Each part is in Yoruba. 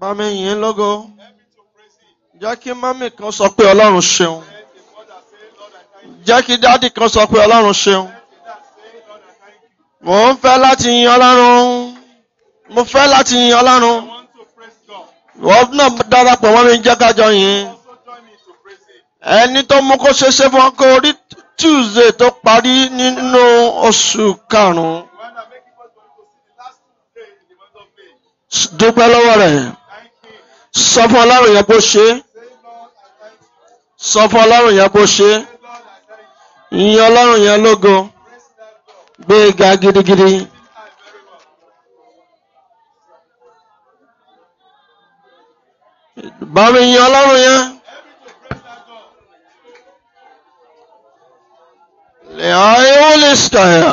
Bá yin yìn ín lógo. Jẹ́ kí mami kan sọ pé Ọlọ́run ṣeun. Jẹ́ kí dádì kan sọ pé Ọlọ́run ṣeun. Mo ń fẹ́ láti yin Ọlọ́run. Mo fẹ́ láti yin Ọlọ́run. Wọ́n náà darapọ̀ mọ́ mi jẹ́ ká jọ yìn. Ẹni tó mú kó ṣeéṣe fún ọkọ orí Tuesday tó parí nínú oṣù karùn-ún. Dúpẹ́ lọ́wọ́ rẹ̀ sọ fún ọlọ́run yẹn bó ṣe sọ fún ọlọ́run yẹn bó ṣe ìyìn ọlọ́run yẹn lógo gbé ga gidigidi. báwo ìyìn ọlọ́run yẹn. lẹ́yìn ó lè ṣàyà.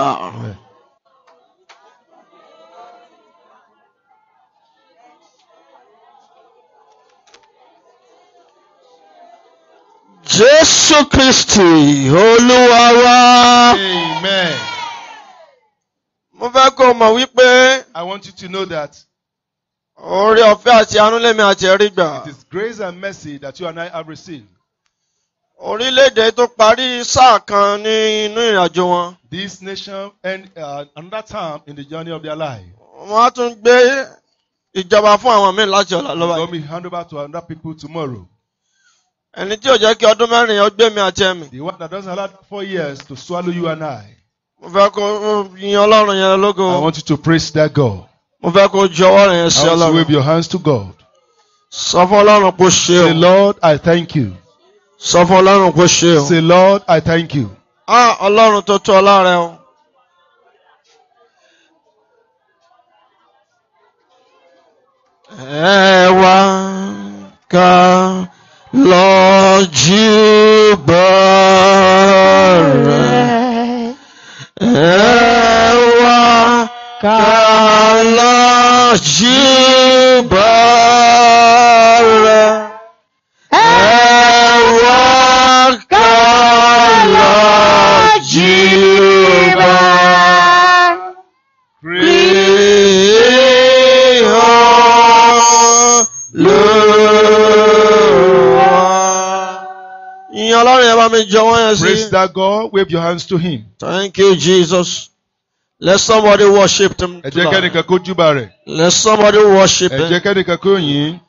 Jésù Kristi Olúwa Amen. Mo fẹ́ kó mọ̀ wípé. I want you to know that. Oore ọ̀fẹ́ àti àánú àti ẹ̀rí gbà. It is grace and mercy that you and I have received. Orílẹ̀-èdè tó parí sáà kan ní inú ìrìnàjò wọn. This nation end uh, another time in the journey of their life. Wọ́n á tún gbé ìjọba fún àwọn míì láti ọ̀la lọ́wọ́. God will hand over to another people tomorrow. Ẹni tí ò jẹ́ kí ọdún mẹ́rin ọgbẹ́ mi àti ẹ̀mí. The one that doesn't allow four years to swallow you and I. Mo fẹ́ kó yin Ọlọ́run yẹn lógo. I want you to praise that God. Mo fẹ́ kó ju ọwọ́ rẹ̀ yẹn sí Ọlọ́run. I want you to wave your hands to God. Sọ fún Ọlọ́run kó ṣe o. Say Lord, I thank you. Sọ fún Ọlọ́run kó ṣe o. Say Lord, I thank you. Ah, Ọlọ́run tó tó ọlá o. Ẹ wá ká. Lord, you burn. Ewa, Lord, you burn. Praise that God. Wave your hands to Him. Thank you, Jesus. Let somebody worship Him. Tonight. Let somebody worship Him.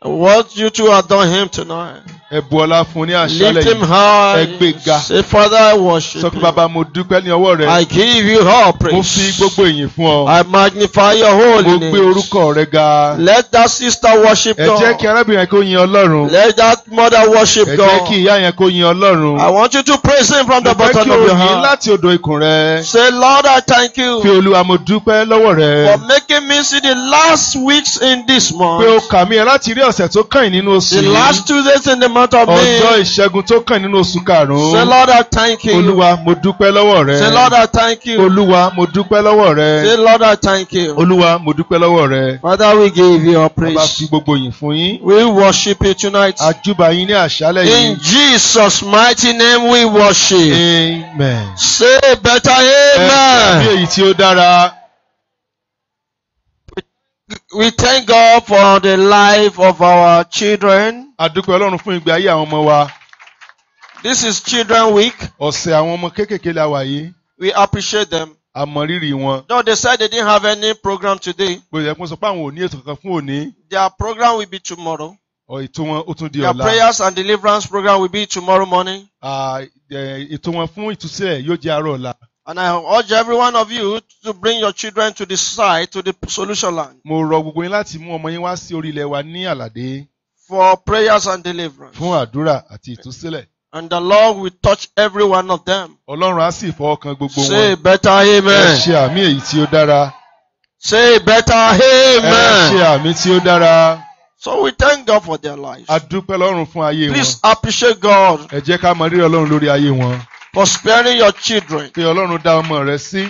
What you two have done Him tonight. Ẹ bu ọlá fún ní àṣálẹ̀ yìí. Lift him high. ga. Say father I worship Sọ pé bàbá mo dúpẹ́ ní ọwọ́ rẹ. I give you all praise. Mo fi gbogbo ìyìn fún ọ. I magnify your holy Mo gbé orúkọ rẹ ga. Let that sister worship kí arábìnrin kó yin Ọlọ́run. Let that mother worship kí ìyá yẹn kó yin Ọlọ́run. I want you to praise him from the bottom of your heart. Mo fẹ́ kí o yin láti odò ikùn rẹ. Say Lord I thank you. Fi Olúwa mo dúpẹ́ lọ́wọ́ rẹ. For making me see the last weeks in this month. Pé o kà mí ẹ láti rí ọ̀sẹ̀ tó kàn nínú oṣù yìí. The last two days in the month of May. ọjọ́ ìṣẹ́gun tó kàn nínú oṣù karùn-ún. say lord i thank you. olúwa mo dúpẹ́ lọ́wọ́ rẹ. say lord i thank you. olúwa mo dúpẹ́ lọ́wọ́ rẹ. say lord i thank you. olúwa mo dúpẹ́ lọ́wọ́ rẹ. father we give you our praise. ọba fi gbogbo yìn fún yín. we worship you tonight. àjúbà yín ní àṣálẹ̀ yìí. in jesus mighty name we worship. amen. say better amen. ẹ ẹ bí èyí tí ó dára. We thank God for the life of our children. A Ọlọ́run fún ìgbé ayé àwọn ọmọ wa. This is Children Week. Ọ̀sẹ̀ àwọn ọmọ kéékèèké la wà yìí. We appreciate them. A rírì wọn. No, they said they didn't have any program today. Bóyá ẹ̀kún sọ pé àwọn ò ní ètò kankan fún òní. Their program will be tomorrow. Ètò wọn ó tún di ọ̀la. Their prayers and deliverance program will be tomorrow morning. Ètò wọn fún ìtúsílẹ̀ yóò jẹ́ àárọ̀ ọ̀la. And I urge every one of you to bring your children to the side, to the solution land. Mo rọ gbogbo yín láti mú ọmọ yín wá sí orí ilẹ̀ wa ní àlàdé. For prayers and deliverance. Fún àdúrà àti ìtúsílẹ̀. And the Lord will touch every one of them. Ọlọ́run á sì fọwọ́ kan gbogbo wọn. Say better amen. Ẹ ṣe àmì èyí tí ó dára. Say better amen. Ẹ ṣe àmì tí ó dára. So we thank God for their lives. A dúpẹ́ lọ́run fún ayé wọn. Please appreciate God. Ẹ jẹ́ ká mọ rírì Ọlọ́run lórí ayé wọn. Prospering your children. Pé Ọlọ́run dá ọmọ rẹ sí.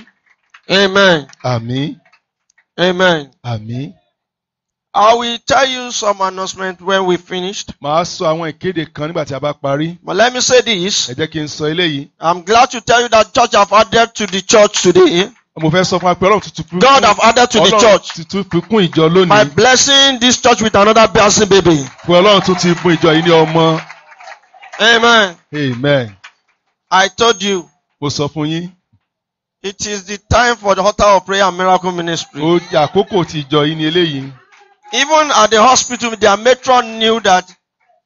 Amen. Àmín. Amen. Àmín. I will tell you some announcement when we finished. Màá sọ àwọn ìkéde kan nígbà tí a bá parí. But let me say this. Ẹ jẹ́ kí n sọ eléyìí. I'm glad to tell you that church have added to the church today. Mo fẹ́ sọ fún wa Ọlọ́run tuntun fi God have added to the church. Ọlọ́run tuntun fi ìjọ lónìí. By blessing this church with another blessing baby. Pé Ọlọ́run tún ti ìjọ yìí ní ọmọ. Amen. Amen. I told you. Mo sọ fún yín. It is the time for the hotel of prayer and miracle ministry. O àkókò ti ìjọ yìí ni eléyìí. Even at the hospital, their matron knew that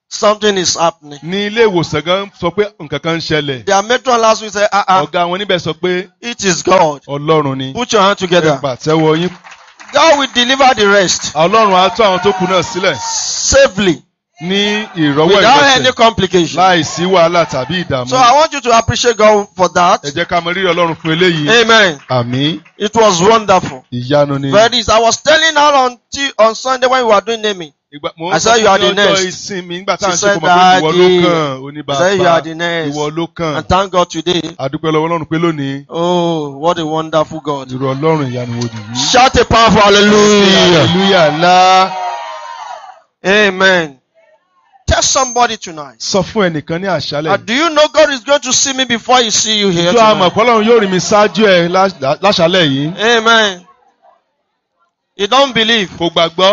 something is happening. Ní ilé ìwòsàn gan sọ pé nǹkan kan ń ṣẹlẹ̀. Their matron last week said, ah ah. Ọ̀gá àwọn oníbẹ̀ sọ pé. It is God. Ọlọ́run ni. Put your hand together. Ẹ pàtẹ́wọ́ yín. God will deliver the rest. Ọlọ́run á tún àwọn tó kù náà sílẹ̀. Safely ní ìrọwọ́ ìrọsẹ̀. without any complication. láìsí wàhálà tàbí ìdààmú. so I want you to appreciate God for that. ẹ jẹ́ ká mọ rírì Ọlọ́run fún eléyìí. amen. àmín. it was wonderful. ìyanu ni. very I was telling her on, on Sunday when we were doing naming. I said you are the next. ìsinmi nígbà tá à ń ṣe kò pé ìwọ ló kàn oníbàbà ìwọ ló kàn. and thank God today. àdúpẹ́ lọ́wọ́ Ọlọ́run pé lónìí. oh what a wonderful God. ìrọ̀ Ọlọ́run ìyanu wo nìyí. shout a powerful hallelujah. hallelujah ńlá. amen. Tell somebody tonight. Sọ fún ẹnìkan ní àṣálẹ̀. Uh, do you know God is going to see me before he see you here tonight? Ìjọ àmọ̀ Ọlọ́run yóò rí mi ṣáájú ẹ láṣálẹ̀ yìí. Amen. You don't believe. Kò gbàgbọ́.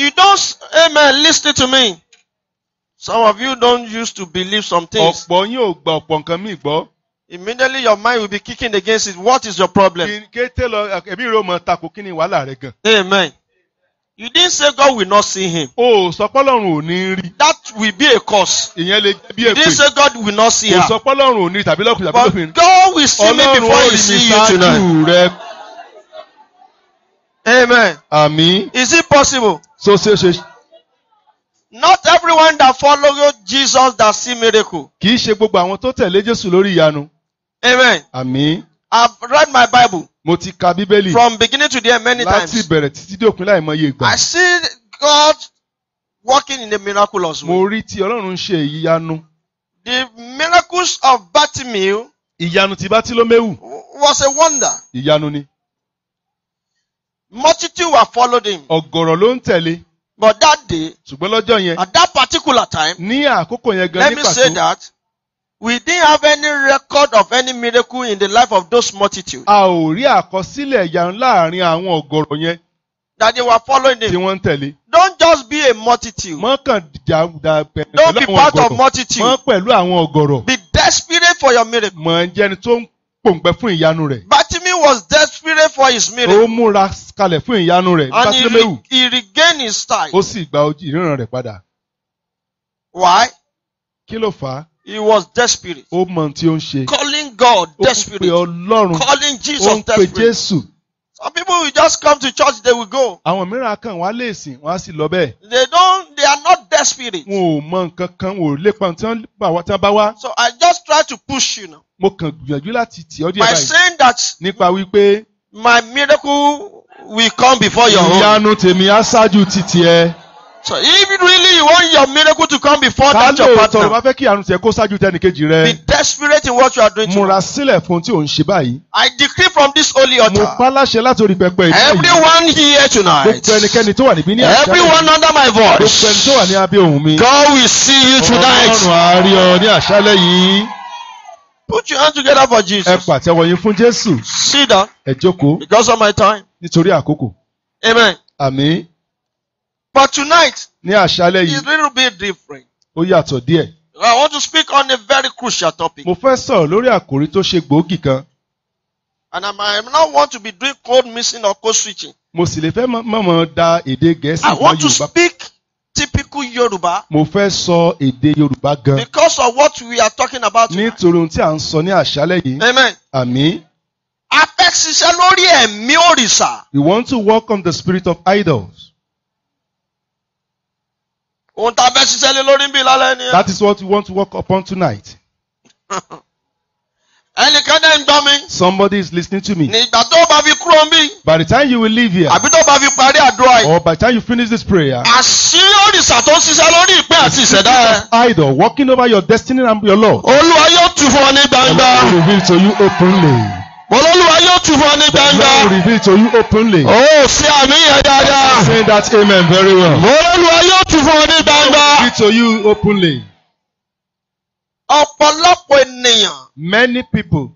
You don't, amen, listen to me. Some of you don't used to believe some things. Ọ̀pọ̀ yín ò gba ọ̀pọ̀ nǹkan míì gbọ́. Immediately your mind will be kicking against it. What is your problem? Kí n kété lọ, èmi rò mọ̀ takò kí ni wàhálà rẹ gan. Amen. You didn't say God will not see him. O sọ pé Ọlọ́run ò ní rí. That will be a cause. Ìyẹn lè bí èpè. You didn't say God will not see her. O sọ pé Ọlọ́run ò ní tàbí lọ́kùnrin tàbí lọ́kùnrin. But God will see me before he see you tonight. Ọlọ́run ò Amen. Àmín. Is it possible? So ṣe ṣe. Not everyone that follow Jesus that see miracle. Kì í ṣe gbogbo àwọn tó tẹ̀lé Jésù lórí ìyanu. Amen. Àmín. I read my Bible. Mo ti ka Bíbélì. From beginning to the end many times. Láti ìbẹ̀rẹ̀ títí dòpin láìmọye ìgbà. I see God working in a miraculous way. Mo rí tí Ọlọ́run ń ṣe ìyanu. The miracles of Bartimaeus. Ìyanu ti Bartimaeus. Was a wonder. Ìyanu ni. Multitude were following him. Ọ̀gọ̀rọ̀ ló ń tẹ̀lé. But that day. Ṣùgbọ́n lọ́jọ́ yẹn. At that particular time. Ní àkókò yẹn gan ní pàtó. Let me say that. We didn't have any record of any miracle in the life of those multitudes. A ò rí àkọsílẹ̀ ìyanu láàrin àwọn ọ̀gọ̀rọ̀ yẹn. That they were following him. Tí wọ́n ń tẹ̀lé. Don't just be a multitude. Mọ́ kàn jà jà pẹ̀lú àwọn ọ̀gọ̀rọ̀. Don't be part of multitude. Mọ́ pẹ̀lú àwọn ọ̀gọ̀rọ̀. Be desperate for your miracle. Mọ̀ ń jẹ́ni tó ń pòǹgbẹ fún ìyanu rẹ̀. Bartimi was desperate for his miracle. Ó múra kalẹ̀ fún ìyanu rẹ̀. And he, he regained his sight. Ó sì gba ojú ìríran rẹ̀ padà. Why? Kí ló fà á? He was desperate. Ó mọ tí ó ń ṣe. Calling God desperate. Ó ń Ọlọ́run. Calling Jesus desperate. Ó ń pè Jésù. Some people will just come to church they will go. Àwọn mìíràn kàn wá lè sìn wọ́n sì lọ bẹ́ẹ̀. They don't they are not desperate. Wọn ò mọ nǹkan kan wọn ò lépa tí wọ́n bá wá. So I just try to push you. Now. Mo kàn gbìyànjú láti tì ọ́ díẹ̀ báyìí. By saying that. Nípa wípé. My miracle will come before your own. Ìyanu tèmi á ṣáájú títì ẹ. So if really you want your miracle to come before that your partner. Sálẹ̀ ìtọ̀rọ̀ bá fẹ́ kí àrùn tiẹ̀ kó Be desperate in what you are doing. Múra sílẹ̀ fún tí ò ń ṣe báyìí. I decree from this holy altar. Mo pa láṣẹ láti orí pẹpẹ ìlú yìí. Everyone here tonight. Gbogbo ẹnikẹ́ni tó wà níbí ní àṣà. Everyone under my voice. Gbogbo ẹni tó wà ní abẹ́ ohùn mi. God will see you tonight. Ọlọ́run á ọ ní àṣálẹ́ yìí. Put your hand together for Jesus. Ẹ pàtẹ́wọ̀ yín fún Jésù. Sit down. Ẹ jókòó. Because of my time. Nítorí àkókò. Amen. Àmín. But tonight. Ní àṣálẹ́ yìí. It's a little different. Ó yàtọ̀ díẹ̀. I want to speak on a very crucial topic. Mo fẹ́ sọ̀rọ̀ lórí àkòrí tó ṣe gbòógì kan. And I might not want to be doing code missing or code switching. Mo sì lè fẹ́ mọ̀mọ́ da èdè Gẹ̀ẹ́sì fún Yorùbá. I want to speak typical Yorùbá. Mo fẹ́ sọ èdè Yorùbá gan. Because of what we are talking about. Nítorí ohun tí à ń sọ ní àṣálẹ́ yìí. Amen. Àmín. A fẹ́ ṣiṣẹ́ lórí ẹ̀mí òrìṣà. We want to work on the spirit of idols. Ohun tá fẹ́ ṣiṣẹ́ lé lórí ń bì lálẹ́ ni. That is what we want to work upon tonight. Ẹnìkan náà ń gbọ́ mi. Somebody is listening to me. Nígbà tó bá fi kúrò ń bí. By the time you will leave here. Àbí tó bá fi parí àdúrà yìí. Or by the time you finish this prayer. Àṣírí òrìṣà tó ń ṣiṣẹ́ lórí ìpín àti ìṣẹ̀dá rẹ. Idol walking over your destiny and your Lord. Olúwa yóò tù fún ọ ní gbangba. I will reveal to you openly. Olúwa yóò tún fún ọ ní gbangba. The Lord will reveal to you openly. Ó ṣe àmì yẹn dáadáa. Say that amen very well. Olúwa yóò tún fún ọ ní gbangba. The Lord will reveal to you openly. Ọ̀pọ̀lọpọ̀ ènìyàn. Many people.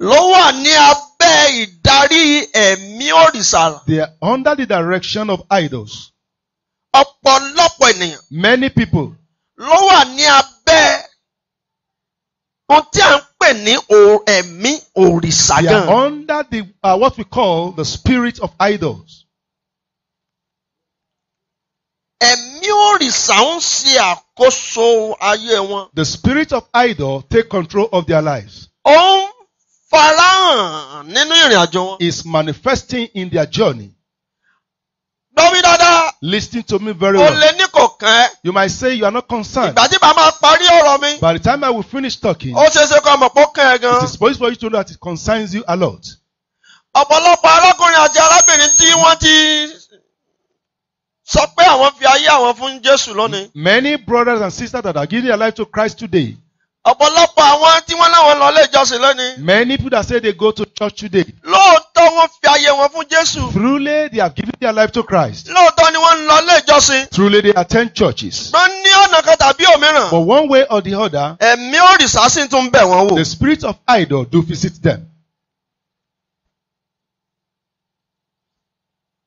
Ló wà ní abẹ́ ìdarí ẹ̀mí òrìṣà. They are under the direction of idols. Ọ̀pọ̀lọpọ̀ ènìyàn. Many people. Ló wà ní abẹ́ ohun tí à ń pè ní ẹ̀mí òrìṣà gan. they are under the uh, what we call the spirit of idols. ẹ̀mí òrìṣà ń ṣe àkóso ayé wọn. the spirit of idol take control of their lives. ó ń farahàn nínú ìrìn àjò wọn. is manifesting in their journey. Gbọ́ mi dáadáa. Listen to me very well. O lè ní kò kàn You might say you are not concerned. Ìgbà tí màá máa parí ọ̀rọ̀ mi. By the time I will finish talking. Ó ṣeé ṣe kó ọmọ pọ̀ kàn ẹ́ gan. It is possible for you to know that it concerns you a lot. Ọ̀pọ̀lọpọ̀ arákùnrin àti arábìnrin tí wọ́n ti sọ pé àwọn fi ayé àwọn fún Jésù lónìí. Many brothers and sisters that are giving their life to Christ today. Ọ̀pọ̀lọpọ̀ àwọn tí wọ́n láwọn lọ ilé ìjọsìn lónìí. Many people that say they go to church today. Lóòótọ́ lóòótọ́ wọ́n fi ayé wọn fún Jésù. Truly they have given their life to Christ. Lóòótọ́ ni wọ́n ń lọ ilé ìjọsìn. Truly they attend churches. Wọ́n ní ọ̀nà kan tàbí òmíràn. But one way or the other. Ẹ̀mí òrìṣà sì tún bẹ̀ wọ́n wò. The spirit of idol do visit them.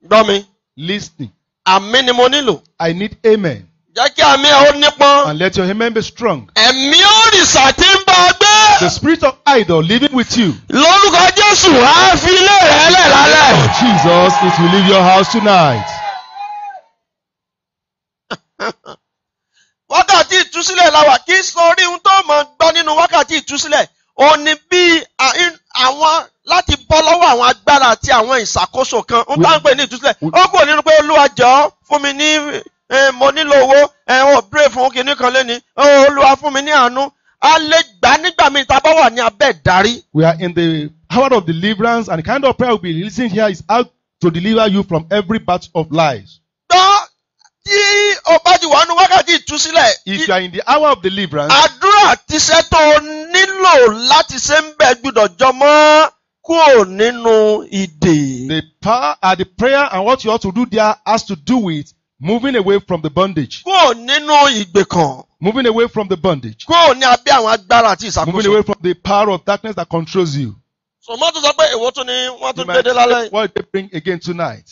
Gbọ́ mi. Listening. Àmì ni mo nílò. I need amen. Jẹ́ kí àmì ẹ̀ ó nípọn. And let your amen be strong. Ẹ̀mí òrìṣà ti ń bá ọ The spirit of idol living with you. Lórúkọ Jésù, á fi ilé rẹ̀ lẹ̀ lálẹ́. Oh, Jesus, it will leave your house tonight. Wákàtí ìtúsílẹ̀ la wà kí sórí ohun tó mọ̀ gbọ́ nínú wákàtí ìtúsílẹ̀. Ó ní bí àwọn láti bọ́ lọ́wọ́ àwọn agbára àti àwọn ìṣàkóso kan. N tá ń pè ní ìtúsílẹ̀. Ó kò nínú pé Olúwa jọ̀ọ́ fún mi ní eh, mo nílò owó ẹ ò bèrè fún kinní kan lẹ́ni oh, Olúwa fún mi ní àánú a lè gbà nígbà míì tá bá wà ní abẹ́ ìdarí. we are in the hour of deliverance and the kind of prayer we be listening here is how to deliver you from every batch of lies. gbọ́ tí o bá ti wà nínú wákàtí ìtúsílẹ̀. if you are in the hour of deliverance. àdúrà tíṣẹ́ tó nílò láti ṣe ń bẹ̀ gbọ́dọ̀ jọmọ́ kúrò nínú ìdè. the power and uh, the prayer and what you ought to do there has to do with Moving away from the bondage. Kúrò nínú ìgbèkàn. Moving away from the bondage. Kúrò ní abẹ́ àwọn agbára àti ìṣàkóso. Moving away from the power of darkness that controls you. Sọ̀mọ́ tó sọ pé èwo tún ni wọ́n tún gbé dé lálẹ́. What they bring again tonight.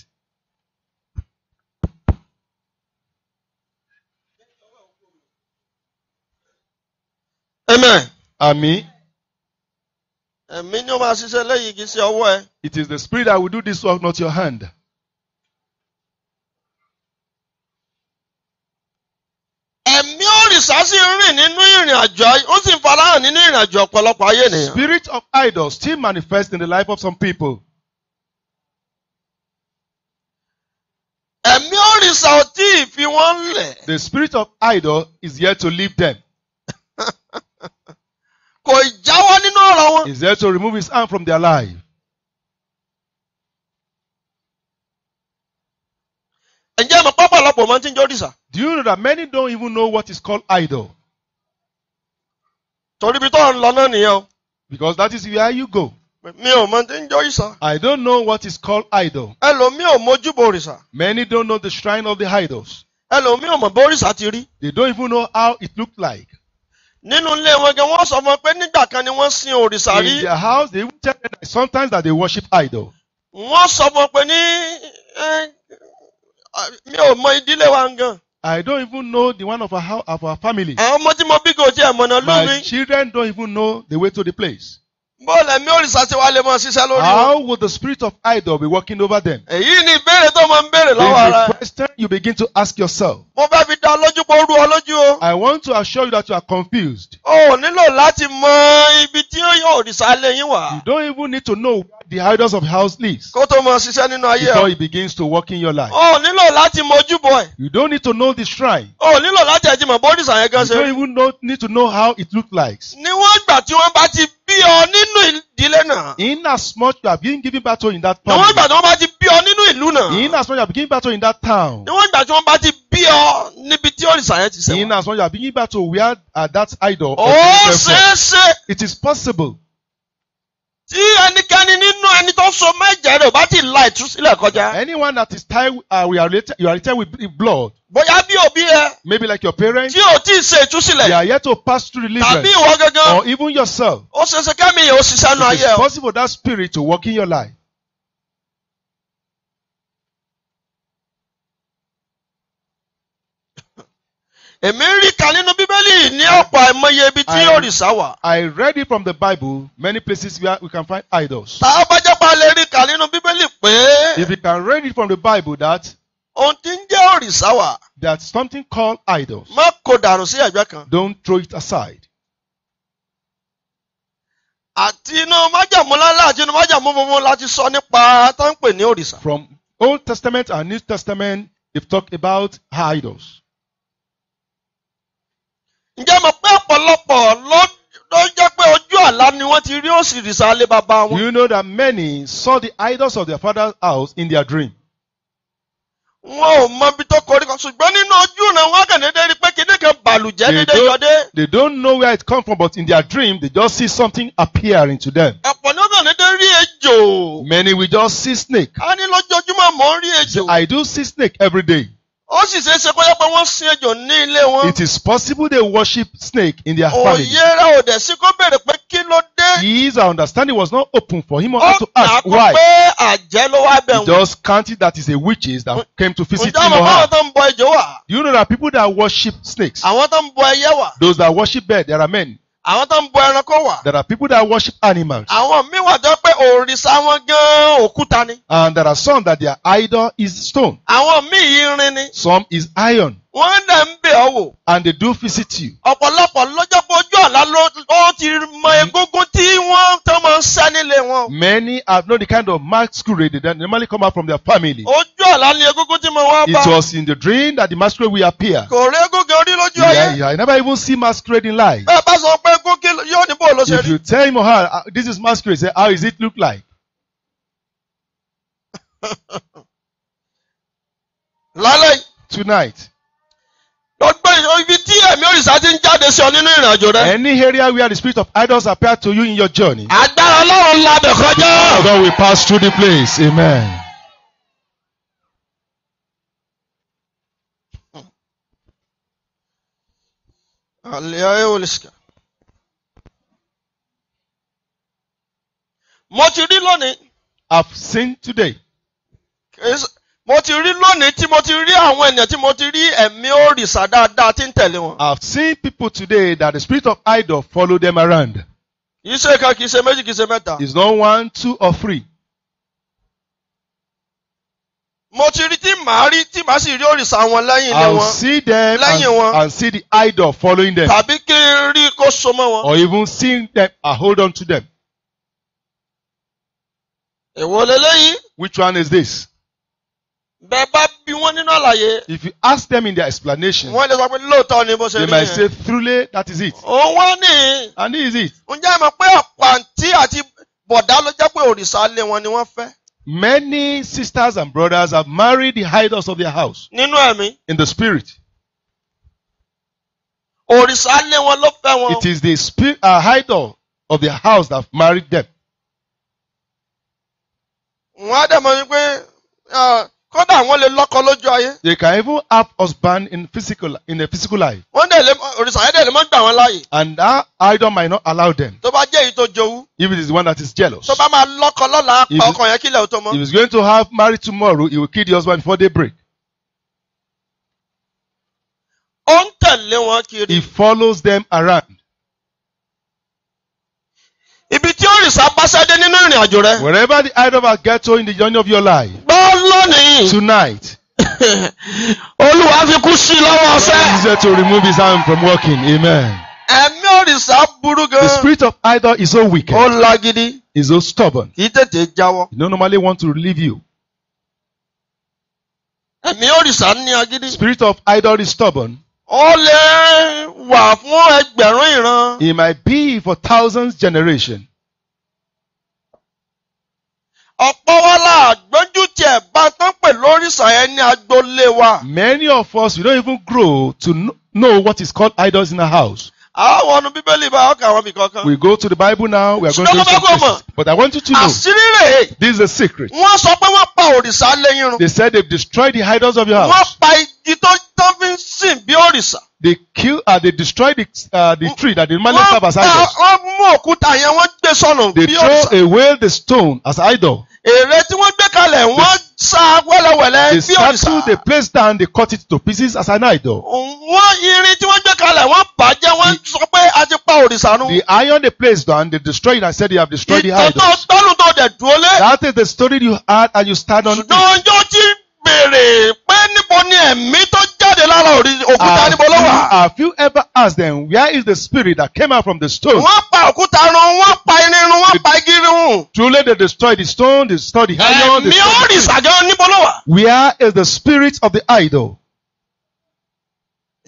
Amen. Ami. Ẹ̀mí ni ó máa ṣiṣẹ́ léyìí kì í ṣe ọwọ́ ẹ. It is the spirit that will do this work, not your hand. ẹ̀mí òrìṣà sì ń rìn nínú ìrìn àjò ó sì ń farahàn nínú ìrìn àjò ọ̀pọ̀lọpọ̀ ayé nìyẹn. spirit of idol still manifest in the life of some people. ẹ̀mí òrìṣà ò tí ì fi wọ́n lẹ̀. the spirit of idol is yet to leave them. kò jáwọ́ nínú ọ̀rọ̀ wọn. is yet to remove his hand from their life. ǹjẹ́ mọ̀ pápá máa ń tí ń jọ́ òrìṣà. Do you know that many don't even know what is called idol? Torí ibi tó ń lọ náà nìyẹn Because that is where you go. Mi ò mọ tí ń jọ ìsà. I don't know what is called idol. Ẹlòmíì ò mójúbò òrìṣà. Many don't know the shrine of the idols. Ẹlòmíì ò mọ̀ bó ti rí. They don't even know how it looked like. Nínú ilé wọn gan, wọ́n sọ fún ọ pé nígbà kan ni wọ́n sin òrìṣà rí. In their house, they even tell them that sometimes that they worship idol. Wọ́n sọ fún ọ pé ní eh, eh, mi ò mọ ìdílé wa gan. I don't even know the one of our, of our family. Àwọn ọmọ tí mo bí kò tí ẹ̀ lómi. My children don't even know the way to the place. Bọ́ọ̀lù ẹ̀mí òrìṣà ti wá lè mọ ṣiṣẹ́ lórí wọn. How will the spirit of idol be working over them? Èyí ni ìbéèrè tó máa ń béèrè lọ́wọ́ ara The question you begin to ask yourself. Mo fẹ́ fi dá lójú pé ó rú ọ lójú o. I want to assure you that you are confused. O ò nílò láti mọ ibi tí òrìṣà ilé yín wà. You don't even need to know where the idols of house lives. Kó tó mọ ṣiṣẹ́ nínú ayé ẹ. Before he begins to work in your life. O ò nílò láti mọ ojúbọ ẹ̀. You don't need to know the shrine. O ò nílò láti ẹ̀jìmọ̀ bóríṣà yẹn gan ṣe. You don't even know, need to know how it looks like. Níwọ̀n ìgbà tí wọ́n bá ti bí ọ nínú ìdílé náà. in as much you are being given birth to in that town. níwọ̀n ìgbà tí wọ́n bá ti bí ọ nínú ìlú náà. in as much you are being given birth to in that town. níwọ̀n ìgbà tí wọ́n bá ti bí ọ níbi tí òrìṣà yẹn ti sẹ́wọ̀n. in as much you are being given birth to where uh, that idol. ó ṣeé ṣe. it is possible. tí ẹnikẹ́ni nínú ẹni tó so mẹ́jẹ̀ rẹ̀ ò bá ti la ìtúsílẹ̀ kọjá. anyone that is tied uh, we are related, you are related with blood bóyá bí òbí ẹ. maybe like your parents. tí o ti ṣe ìtúsílẹ̀. they are yet to pass through deliverance. tàbí ìwọ gangan. or even yourself. ó ṣe kẹ́mi yẹn ṣiṣẹ́ nu ayé it is possible that spirit to work in your life. Èmi rí kà nínú Bíbélì ní ọ̀pọ̀ àìmọye ibi tí òrìṣà wà. I read it from the Bible many places where we can find idols. Tá a bá jẹ́ pa lè rí kà nínú Bíbélì pé. If you can read it from the Bible that. Ohun tí ń jẹ́ òrìṣà wà. There's something called idols. Má kó dànù sí ẹ̀gbẹ́ kan. Don't throw it aside. Àti inú májàmú àti inú májàmú láti sọ nípa tó ń pè ní òrìṣà. From Old Testament and New Testament, they've talked about idols. Ǹjẹ́ mo pé ọ̀pọ̀lọpọ̀ ló ló jẹ́ pé ojú àlá ni wọ́n ti rí òsì rìsà lé bàbá wọn. You know that many saw the idols of their father's house in their dream wọn ò mọ ibi tó korí kan ṣùgbọ́n nínú ojú ọ̀nà wọn kàn déédéé rí pé kìnìún kan bàlùjẹ́ déédéé yọdé. they don't know where it come from but in their dream they just see something appearing to them. ọ̀pọ̀ ní ọ̀gàn déédéé rí ejò. many will just see snake. a ní lójoojúmọ́ mò ń rí ejò. I do see snake every day ó sì ṣe é ṣe kó yẹ wọ́n sin ejò ní ilé wọn. it is possible they worship snake in their family. òye rẹ̀ ò dẹ̀ sí kó béèrè pé kí ló dé. his understanding was not open for him also to ask why. ó kà pé àjẹ́ ló wá bẹ̀ wọ́n. he just counted that is a witches that came to visit him or her. ǹjẹ́ àwọn tó ń bọ ejò wà. you know that people that worship snakes. àwọn tó ń bọ ẹyẹ wà. those that worship bird there are men. Àwọn tó ń bọ ẹranko wà. There are people that worship animals. Àwọn míì wà tó pé òrìṣà wọn gan òkúta ni. And there are some that their idol is stone. Àwọn míì irin ni. Some is iron wọ́n dẹ̀ ń bẹ̀ ọ́ wò. and they do visit you. ọ̀pọ̀lọpọ̀ lọ́jọ́ ojú àlá ló ti mọ mm. egúngún tí wọ́n tó máa ń sá nílé wọn. many have known the kind of masquerade that normally come out from their family. ojú àlá ni egúngún tí mo wá bá. it was in the dream that the masquerade will appear. kò rí egúngún orí lójú ayé. yeah yeah I never even see masquerade in life. bẹ́ẹ̀ bá sọ pé egúngún yóò ní bó ló ṣe rí. if you tell him or her ah, this is masquerade say how is it look like. lálẹ́ tonight ibi tí ẹ̀mí òrìṣà ti ń jáde sí ọ nínú ìrìn rẹ. any area where the spirit of idols appear to you in your journey. agbára ọlọ́run la bẹ̀ kọjá. God will pass through the place amen. Àlẹ́ olùsìkà. Mo ti rí lónìí. I've seen today mo ti rí lónìí tí mo ti rí àwọn ènìyàn tí mo ti rí ẹ̀mí òrìṣà dáadáa tí ń tẹ̀lé wọn. I have seen people today that the spirit of idol follow them around. Kì í ṣe kan kì í ṣe méjì kì í ṣe mẹ́ta. It's not one, two or three. Mo ti rí tí màá rí tí màá sì rí òrìṣà wọn lẹ́yìn wọn. I will see them and, and see the idol following them. Tàbí kí n rí kó so mọ́ wọn. Or even seeing them and hold on to them. Èwo lélẹ́yìn? Which one is this? Bẹ́ẹ̀ bá bí wọ́n nínú àlàyé. If you ask them in their explanation. Wọ́n lè sọ pé lóòótọ́ ni bó ṣe rí yẹn. They might say truly that is it. Òun wá ní. And this is it. Ǹjẹ́ ìmọ̀ pé ọ̀pọ̀ àti bọ̀dá ló jẹ́ pé òrìṣà ilé wọn ni wọ́n fẹ́. Many sisters and brothers have married the idols of their house. Nínú ẹ̀mí. In the spirit. Òrìṣà ilé wọn ló fẹ́ wọn. It is the spirit, uh, idol of their house that married them. Wọ́n á dẹ̀ mọ̀ ní pé. Ah, kódà wọ́n lè lọ́kọ lójú ayé. they can even have husband in physical in a physical life. wọ́n dẹ̀ lè òrìṣà yẹn dẹ̀ lè mọ́ gbà wọ́n láàyè. and that idol might not allow them. tó bá jẹ́ èyí tó jowú. if it is the one that is jealous. tó bá máa lọ́kọ lọ́la pa ọkàn yẹn kílẹ̀ ó mọ́. if he is going to have married tomorrow he will kill the husband before daybreak. ó ń tẹ̀lé wọn kiri. he follows them around. Ibi tí òrìṣà bá ṣẹ́dé nínú ìrìn àjò rẹ. Wherever the idol get ghetto in the journey of your life. Gbọ́ lónìí. Tonight. Olúwa fi kú sí lọ́wọ́ ọ̀sẹ̀. It's easier to remove his arm from working. Amen. Ẹ̀mí òrìṣà burú gan. The spirit of idol is so wicked. Ó lágídí. Is so stubborn. Kì í tètè jáwọ́. You don't normally want to relieve you. Ẹ̀mí òrìṣà ní agídí. Spirit of idol is stubborn ó lè wà fún ẹgbẹ̀rún ìran. It might be for thousands generation. Ọ̀pọ̀ wa la gbójú tiẹ̀ bá tán pè lóríṣà ẹni agboolé wa. Many of us we don't even grow to know what is called idols in our house. Àwọn ọ̀nà Bíbélì bá ọkà wọn mi kankan. We go to the Bible now. We are going to read some places. But I want you to know. Àṣírí rèé. This is a secret. Wọ́n sọ pé wọ́n pa òrìṣà lẹ́yìn run. They said they destroyed the idols of your house. Wọ́n pa igi ìtọ́ tó fi ń sìn bí òrìṣà. they kill uh, they destroy the, uh, the tree that the man left up as idol. wọ́n mú òkúta yẹn wọ́n gbé sọnù bí òrìṣà. they throw away the stone as idol. ère tí wọ́n gbé kalẹ̀ wọ́n sá wẹ́lẹ́wẹ́lẹ́ bí òrìṣà. the statue they place down they cut it to pieces as an idol. wọ́n irin tí wọ́n gbé kalẹ̀ wọ́n bàjẹ́ wọ́n sọ pé a ti pa òrìṣà nù. the iron they place down they destroy it and said they have destroyed the idol. ìtọ́jú tọ́lù tó dẹ̀ dúró lé. that is the story you heard and you stand on. ṣùgbọ́n ọjọ́ tí béèrè pé níbo ni ẹ̀mí tó jáde lára òkúta níbo ló wà. Have you ever asked them where is the spirit that came out from the stone? Wọ́n pa òkúta run, wọ́n pa irin wọ́n pa igi run. Truly they destroyed the stone, they destroyed the iron. Ẹ̀mí òrìṣàjọ níbo ló wà. Where is the spirit of the idol?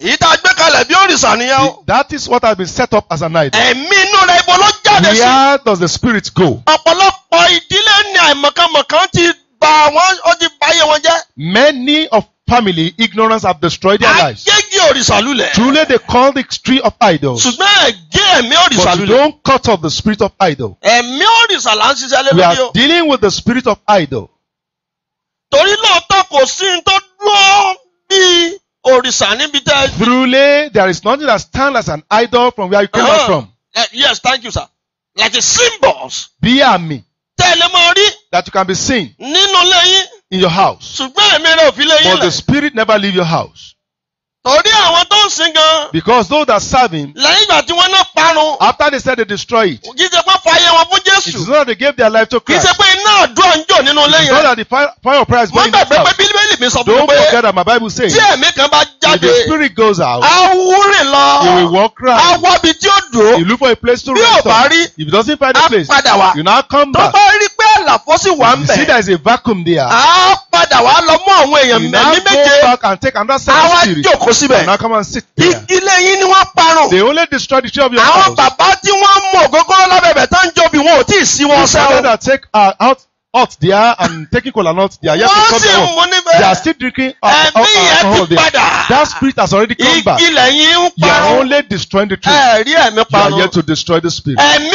Èyí tá a gbé kalẹ̀ bí òrìṣà nìyẹn o. That is what has been set up as an idol. Ẹ̀mí inú rẹ̀ ibo ló jáde sí. Where does the spirit go? Ọ̀pọ̀lọpọ̀ ìdílé ní àìmọ̀kànmọ̀kàn ti bà wọ́n ó ti báyé wọn jẹ́. Many of family ignorance have destroyed their lives. Ajégi òrìṣà Truly they call the tree of idols. Ṣùgbọ́n ẹ̀jẹ̀ ẹ̀mí òrìṣà But don't cut off the spirit of idol. Ẹ̀mí òrìṣà là ń ṣiṣẹ́ lé o. We are dealing with the spirit of idol. Torí lóòótọ́ kò sí ní tó dúró bíi òrìṣà níbi tẹ́. Truly there is nothing that stands as an idol from where you came uh -huh. from. Uh, yes, thank you, sir. Like a symbols. Bí àmì tẹ́ ẹ lè máa rí. that you can be seen. nínú ilé yín. in your house. ṣùgbọ́n ẹ̀mí rẹ̀ ò fi lé yín lẹ̀. but the spirit never leave your house. Torí àwọn tó ń sin gan. Because those that serve him. Lẹ́yìn ìgbà tí wọ́n náà parun. After they said they destroy it. Kì í ṣe pé fàyè wọn fún Jésù. It is not they gave their life to Christ. Kì í ṣe pé iná àdúrà ń jò nínú ilé yẹn. It is not that the fire, fire of Christ is burning in the house. Mo gbàgbé pé Bíbélì mi sọ fún mi pé. Don't forget that my Bible says. Tí ẹ̀mí kan bá jáde. If the spirit goes out. A wúrìn lọ. He will walk round. A wá bi tí ó dùn. He look for a place to rest Bí o bá rí. If he doesn't find a place. A padà wá. You now come back. Tó bá rí pé àlàfo sì wà ń bẹ̀. You see there is a vacuum there. A padà wá lọ mú àwọn èèyàn mẹ́ni méje àwa jókòó síbẹ̀ ilé yín ni wọ́n parun àwọn bàbá tí wọ́n mú ògógóró lábẹ́bẹ̀ tó ń jóbi wọn ò tí ì sí wọn sẹ́wọ̀n hot there and taking cola nut there yet to come their own they are still drinking al alcohol there that spirit has already come back you are only destroying the truth you are yet to destroy the spirit the spirit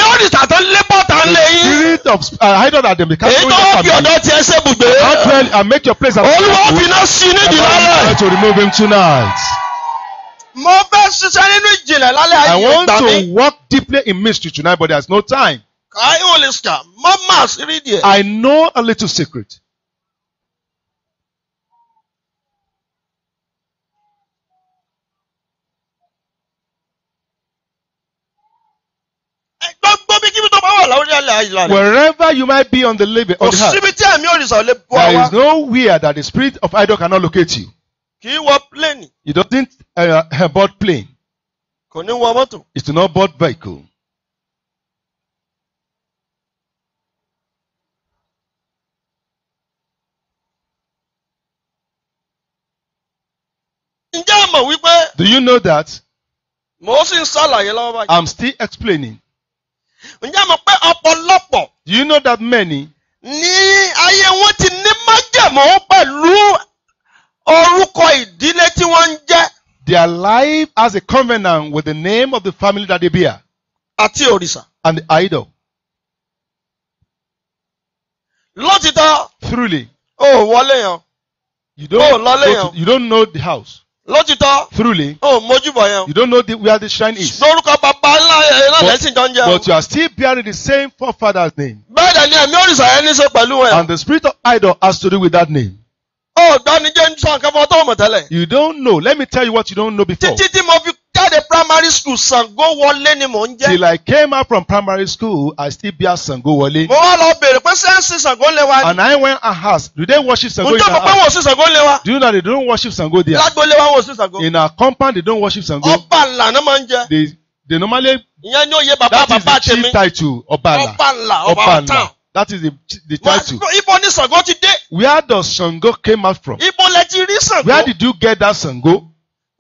of uh, know that they dey cast away from you how well and make your place as well olúwa bínú to remove him tonight. mo fẹ́ ṣiṣẹ́ nínú ìjìnlẹ̀ lálẹ́ ayé ìgbà mi. I want to work deeply in ministry tonight but there is no time. I know a little secret. Wherever you might be on the living, on the earth, there is nowhere that the spirit of idol cannot locate you. You don't think uh, about plane. It's not board vehicle. Ǹjẹ́ o mọ̀ wípé? Do you know that? Mo sì ń ṣàlàyé lọ́wọ́ báyìí. I'm still explaining. Ǹjẹ́ o mọ̀ pé ọ̀pọ̀lọpọ̀? Do you know that many? Ní ayé wọn ti ní májẹ̀mú pẹ̀lú orúkọ ìdílé tí wọ́n ń jẹ́. Their life has a covenant with the name of the family that they bear. Àti òrìṣà. And the idol. Lọ́títọ́. Truly. O wọlé yan. You don't, oh, lọ́lé You don't know the house lótìtọ́. truly. oh, mojúbọ yẹn. you don't know the, where the shrine is. lórúkọ bàbá ńlá yẹn náà lẹ́sìn jọ ń jẹun. but you are still bearing the same forefather's name. bẹ́ẹ̀ dẹ̀ ni ẹ̀mí òrìṣà yẹn ní í ṣe pẹ̀lú wọn. and the spirit of idol has to do with that name. o gbani jẹ́ n nǹkan fún ọ tó you don't know let me tell you what you don't know before. títí tí mo fi jáde primary school Ṣàngówọlé ni mò ń jẹ́. till I came out from primary school I still be at Ṣàngówọlé. mo wá lọ béèrè pé ṣé ń sin Ṣàngó lé wa. and I went and asked do they worship Ṣàngó in our house. ǹjọ́ pé wọ́n ò sin lé wa. do you know they don't worship Ṣàngó there. lágbólé wa wọ́n ò sin in our compound they don't worship Ṣàngó. ọba ìlànà máa ń jẹ. they they normally. ìyẹn ni oyè bàbá bàbá tèmi. that is the chief title ọba àlà ọba àlà that is the the title. ibo ni Ṣàngó ti dé. where does Ṣàngó came out from. ibo lẹ ti rí Ṣàngó. where did you get that Ṣàngó.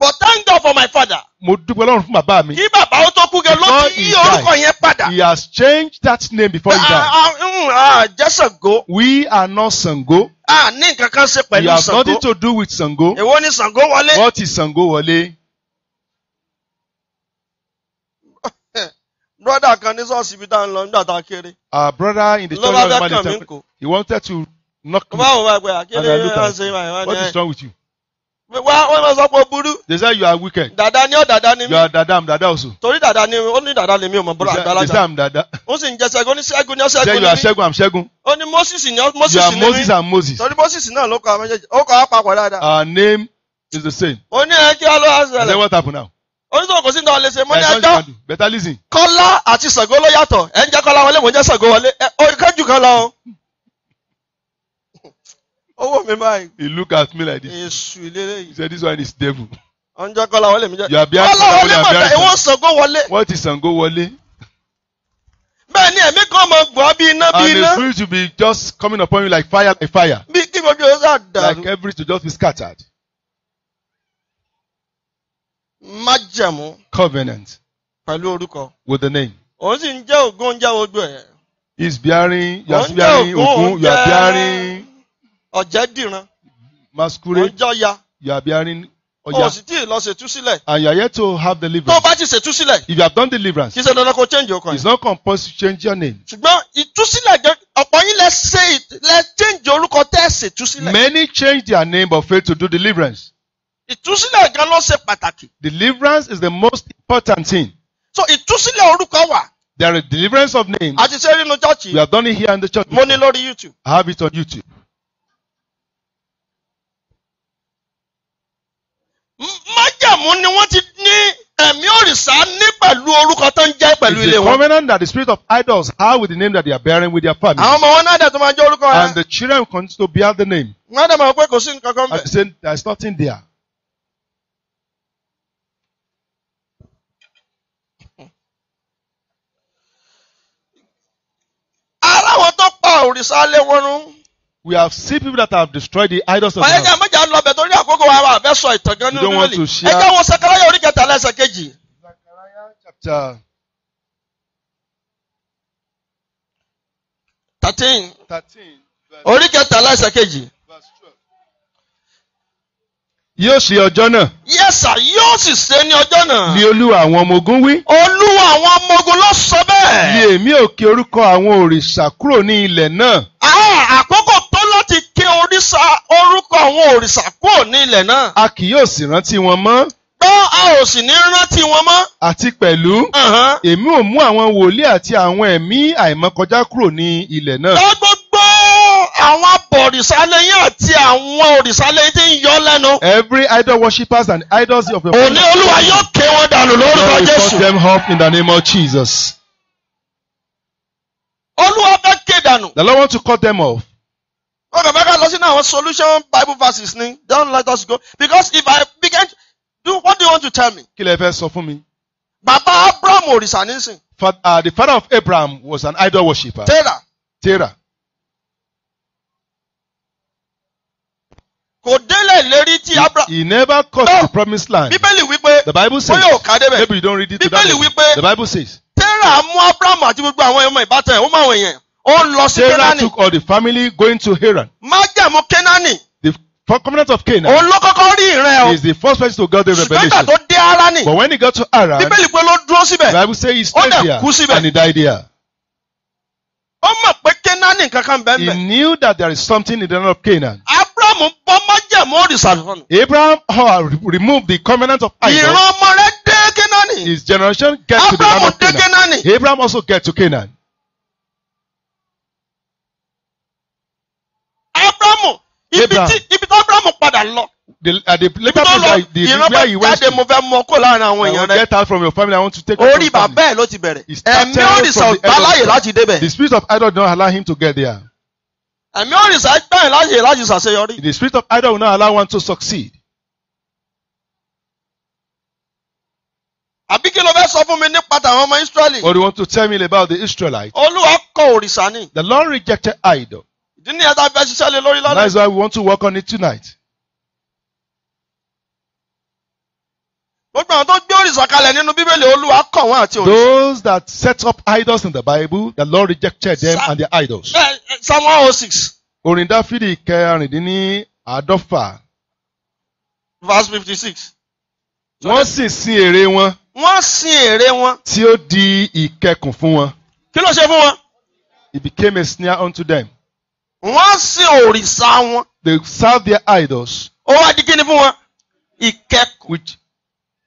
But thank God for my father. Mo dúpẹ́ lọ́run fún bàbá mi. Kí bàbá ó tó kú gẹ ló ti yí orúkọ yẹn padà. He has changed that name before he ah, died. Ah, mm, ah, jẹ́ Ṣàngó. We are not Ṣàngó. A ní nǹkan kan ṣe pẹ̀lú Ṣàngó. You have nothing to do with Ṣàngó. Èwo ni Ṣàngó wọlé? What is Ṣàngó wọlé? brother kan ní sọ́ọ̀sì ibi tá à ń lọ nígbà tá a kéré. our brother in the church of the man he wanted to knock me. báwo bá gbé àkéré ẹ̀ ń ṣe ìwà ìwádìí. what is wrong with you? wá wọ́n máa sọ pé burú. they say you are wicked. dada ni ọ dada ni mi. you are dada am dada also. torí dada ni ó ní dada ni mi ò mọ bọ́lá àgbàlagbà. they say am dada. ó sì ń jẹ ṣẹ́gun ní ṣẹ́gun ní ṣẹ́gun ni mi. say you are ṣẹ́gun am ṣẹ́gun. ó ní moses ni moses ni mi. you are moses and moses. torí moses náà ló kọ àwọn méjèèjì ó kọ àpapọ̀ dáadáa. our name is the same. ó ní ẹ kí ọlọ́wà ṣẹlẹ̀. then what happen now oníṣòwò kò sí ní ọ̀lẹ́ mọ́ ní ẹjọ́ better listen owó mi báyìí. he look at me like this. èṣù ìlérè yìí. he said this one is devil. ọ̀njẹ́ kọ́lá wọlé mi jẹ́. you are behind me you are behind me. ìwọ Ṣàngó wọlé. what is Ṣàngó wọlé. bẹ́ẹ̀ ni ẹ̀mí kan máa gbọ́ bí iná bí iná. and the spirit will be just coming upon you like fire fire. bí kí gbogbo yóò sá dàrú. like everything just be scattered. májẹ̀mú. covenant. pẹ̀lú orúkọ. with the name. òun sì ń jẹ́ ògùn oúnjẹ gbogbo ẹ̀. he is bearing you are bearing ogun bearing ọ̀jẹ̀ dìran. masquerade wọ́n jọ ya. you are bearing ọ̀yà. o sì tí lọ ṣètú sílẹ̀. and you are yet to have deliverance. tó o bá ti ṣètú sílẹ̀. if you have done deliverance. kì í ṣe dandan kó change orúkọ yẹn. it's not compulsory to change your name. ṣùgbọ́n ìtúsílẹ̀ jẹ́ ọ̀pọ̀ yín lẹ ṣe lẹ change orúkọ tẹ́ ṣètú sílẹ̀. many change their name but fail to do deliverance. ìtúsílẹ̀ gan ló ṣe pàtàkì. deliverance is the most important thing. so ìtúsílẹ̀ orúkọ wà. there is deliverance of names. a ti ṣe é nínú church. we have done it here in the church. mo ní lórí YouTube. I have it on YouTube. májẹ̀mú ni wọ́n ti ní ẹ̀mí òrìṣà ní pẹ̀lú orúkọ tó ń jẹ́ pẹ̀lú ilé wọn. It's a covenant that the spirit of idols have with the name that they are bearing with their family. Àwọn ọmọ wọn náà dẹ̀ tó máa jẹ́ orúkọ rẹ̀. And the children continue to bear the name. Wọ́n dẹ̀ mọ̀ pé kò sí nǹkan kan bẹ̀. I say there is nothing there. Ara wọn tó pa òrìṣà lé wọn rún we have seen people that have destroyed the idols of the house. ọ̀yẹ́jà méjà lọ bẹ̀ torí àkókò wa wa fẹ́ sọ ìtàn gan chapter thirteen orí kẹta lẹ́sẹ̀ kejì. Yóò ṣe ọjọ́ náà. Yẹ́sà yóò sì ṣe ní ọjọ́ náà. Ni Olúwa àwọn ọmọ ogun wí. Olúwa àwọn ọmọ ogun ló sọ bẹ́ẹ̀. Ni èmi orúkọ àwọn òrìṣà kúrò ní ilẹ̀ náà. Ah, àpò sísọ orúkọ àwọn òrìṣà kúrò ní ilẹ̀ náà. a kì yóò sì rántí wọn mọ́. Gbọ́ a ò sì ní rántí wọn mọ́. Àti pẹ̀lú. Èmi ò mú àwọn wòlíì àti àwọn ẹ̀mí àìmọ́kọjá kúrò ní ilẹ̀ náà. Lọ gbogbo àwọn abọ̀rìṣàlẹ́yìn àti àwọn òrìṣàlẹ́yìn tí ń yọ lẹ́nu. Every idol worshippers and idols of your. Òní Olúwa yóò ké wọn dànù lórúkọ Jésù. God will cut them off in the name of Jesus. Olúwa fẹ́ ké dànù. The Lord want to cut them off. Okay, kàn fẹ́ ká lọ sínú solution bible verses ni don't let us go because if I begin to do what do you want to tell me. Kill lè fẹ́ sọ fún mi. bàbá abraham òrìṣà nísìn. Uh, the father of Abraham was an idol worshiper. Terah. Terah. Kò délẹ̀ lérí tí Abraham. He never crossed no. the promised land. Bíbélì wípé. The Bible says. Bóyá òkà Maybe you don't read it to that way. Bíbélì wípé. The Bible says. mú Abraham àti gbogbo àwọn ọmọ ìbátan ẹ̀ ó mọ àwọn ó lọ sí Kenani. Sarah took all the family going to Haran. májẹ̀mú Kenani. the covenant of Canaan. òun ló kọ́kọ́ rí ìrẹ́ o. he is the first person to get the revelation. ṣùgbọ́n tó dé Harani. but when he got to Haran. bíbélì pé ló dúró síbẹ̀. the Bible say he stayed there. ó dẹ̀ kú síbẹ̀. and he died there. ó mọ̀ pé Kenani kankan bẹ́ẹ̀ bẹ́ẹ̀. he knew that there is something in the land of Canaan. Abraham bọ́ májẹ̀mú òrìṣà fún. Abraham oh, removed the covenant of idol. ìran ọmọ rẹ̀ dé Kenani. his generation get Abraham to the land of Canaan. Abraham also get to Canaan. ibi tí ibi tí abrahamu padà lọ. the uh, the later place I the where he went to. ìrànlọ́wọ́ jáde mo fẹ́ mọ kó láàrin àwọn èèyan rẹ. I wan get out from your family I want to take out from your family. orí bàbá ẹ̀ ló ti bẹ̀rẹ̀. he started from the ẹ̀mí òrìṣà ọ̀gbá láyè láti débẹ̀. the spirit of idol did not allow him to get there. ẹ̀mí òrìṣà gbà yín láyè láti ṣàṣeyọrí. the spirit of idol will not allow one to succeed. àbí kí ló fẹ́ sọ fún mi nípa tàwọn ọmọ Israeli. what do you want to tell me about the Israelites. olúwa kọ̀ òrìṣà ni. the Lord rejected idol ìdí nìyẹn tá a fẹ́ ṣiṣẹ́ lé lórí lọ́nà. That is why we want to work on it tonight. gbogbo àwọn tó gbé òrìṣà kalẹ̀ nínú bíbélì olúwa kọ̀ wọ́n àti òrìṣà. those that set up idols in the Bible the Lord rejected them Sa and their idols. Eh, eh, Psalm one oh six. orin dáfídì kẹrìndínlẹ́ àádọ́fà. verse fifty six. wọ́n sì sin ère wọn. wọ́n sin ère wọn. tí ó di ìkẹkùn fún wọn. kí ló ṣe fún wọn. he became a snare unto them. Wọ́n sin òrìṣà wọn. They serve their idols. Ó wá di kíni fún wọn? Ìkẹ́kùn.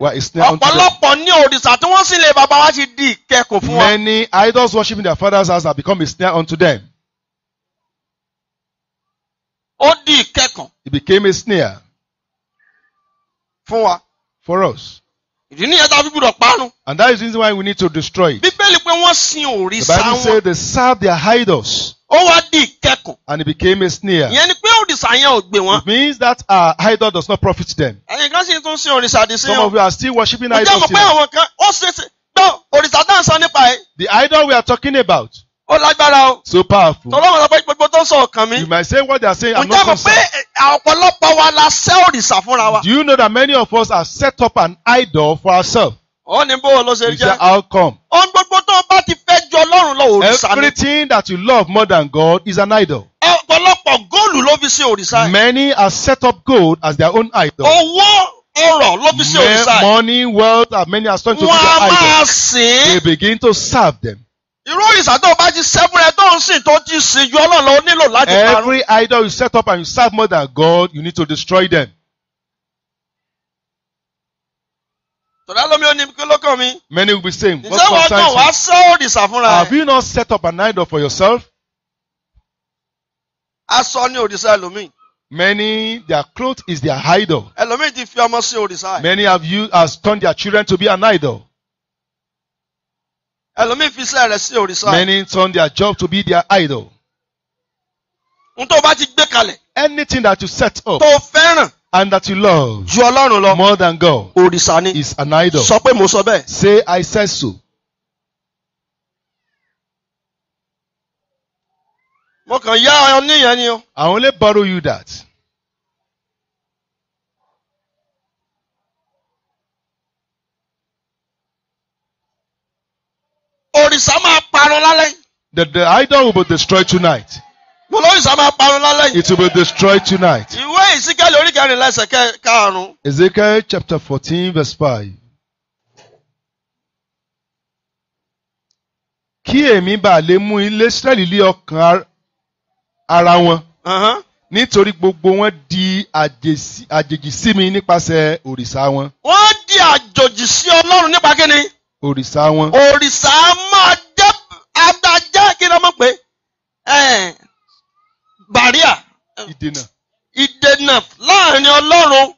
Ọ̀pọ̀lọpọ̀ ní òrìṣà tí wọ́n sin lè bàbá wa ti di ìkẹ́kùn fún wọn. Many idols worshiping their father's house have become a snare unto them. Ó di ìkẹ́kùn. It became a snare. Fún wa. For us. Ìdí nìyẹn tá a fi gbúdọ̀ parun. And that is the reason why we need to destroy it. Bíbélì pé wọ́n sin òrìṣà wọn. The Bible says they served their idols. Ó wá di ìkẹ́kùn. And it became a sneer. Ìyẹn ni pé òrìṣà yẹn ò gbé wọn. It means that our idol does not profit them. Ẹ̀yin kan sì tún sin òrìṣà di sí wọn. Some of you are still worshiping idols Ǹjẹ́ mo pé àwọn kan ó ṣe ṣe gbọ́ òrìṣà tá sọ nípa ẹ̀. The idol we are talking about. Ó lágbára o. So powerful. Tọ́lọ́wọ́n sọ pé gbogbo tó ń sọ ọkàn mi. You might say what they are saying, I'm not concerned. Ǹjẹ́ mo pé ọ̀pọ̀lọpọ̀ wa la ṣẹ́ òrìṣà fúnra wa. Do you know that many of us have set up an idol for ourselves? ó ní bó o ṣe jẹ́. is the outcome. ohun gbogbo tó bá ti fẹ́ ju ọlọ́run lọ òrìṣà ni. everything that you love more than God is an idol. ọ̀pọ̀lọpọ̀ góòlù ló fi ṣe òrìṣà. many have set up gold as their own idol. owó ọrọ̀ ló fi ṣe òrìṣà. money wealth and many are starting to be their idol. wọ́n a máa sìn. they begin to serve them. irú òrìṣà tó o bá ti sẹ́fún rẹ tó ń sìn tó ti sìn ju ọlọ́run lọ nílò láti parun. every idol you set up and you serve more than God you need to destroy them. Tọ́lá lómi ó ní kí ló kàn Many will be saying, what concerns you? Ǹjẹ́ wọ́n kàn wá sọ òrìṣà fúnra ẹ̀? Have you not set up an idol for yourself? Aṣọ ni òrìṣà ẹlòmíì. Many their cloth is their idol. Ẹlòmíì ti fi ọmọ sí òrìṣà. Many have you has turned their children to be an idol. Ẹlòmíì fi iṣẹ́ rẹ̀ sí òrìṣà. Many turn their job to be their idol. N tó bá ti gbé kalẹ̀. Anything that you set up. Tó fẹ́ràn and that you love. ju ọlọ́run lọ. more than God. òrìṣà ni. is an idol. sọ pé mo sọ bẹ́ẹ̀. say I say so. mo kàn yá ọ níyẹn ni o. I only borrow you that. òrìṣà máa parun lálẹ́. The, the idol will be destroyed tonight. It will be destroyed tonight. Ìwé ìsíkẹ́lì orí kẹrin lẹ́sẹ̀ karùn-ún. Ezekiel chapter fourteen verse five. Kí èmi bá lè mú ilé Ísírẹ́lì lé ọkàn ara wọn. Nítorí gbogbo wọn di àjèjì sí mi nípasẹ̀ òrìṣà wọn. Wọ́n di àjòjì sí Ọlọ́run nípa kíni? Òrìṣà wọn. Òrìṣà máa jẹ́ adájẹ́ kí ló mọ̀ pé Bàríà. Ìdènà. Ìdènà láàrin Ọlọ́run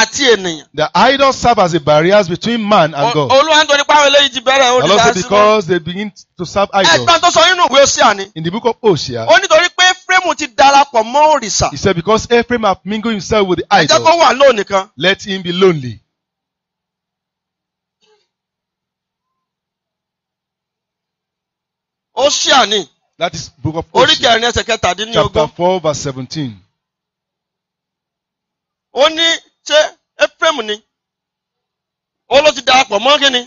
àti ènìyàn. The idols serve as a barrier between man and God. Olúwa ń àwọn eléyìí ti bẹ̀rẹ̀ olùdásílẹ̀. And also because they begin to serve idols. Ẹ̀gbọ́n tó sọ nínú ìwé Òṣìà ni. In the book of Òṣìà. Ó nítorí pé Ephraim ti darapọ̀ mọ́ òrìṣà. He said because Ephraim have mingled himself with the idols. Ẹ jẹ́ kó wà lónìí kan. Let him be lonely. Òṣìà ni. That is book of Orí Chapter four verse seventeen. Ó ní ṣé Ephraim ni? Ó ló ti darapọ̀ mọ́ kí ni?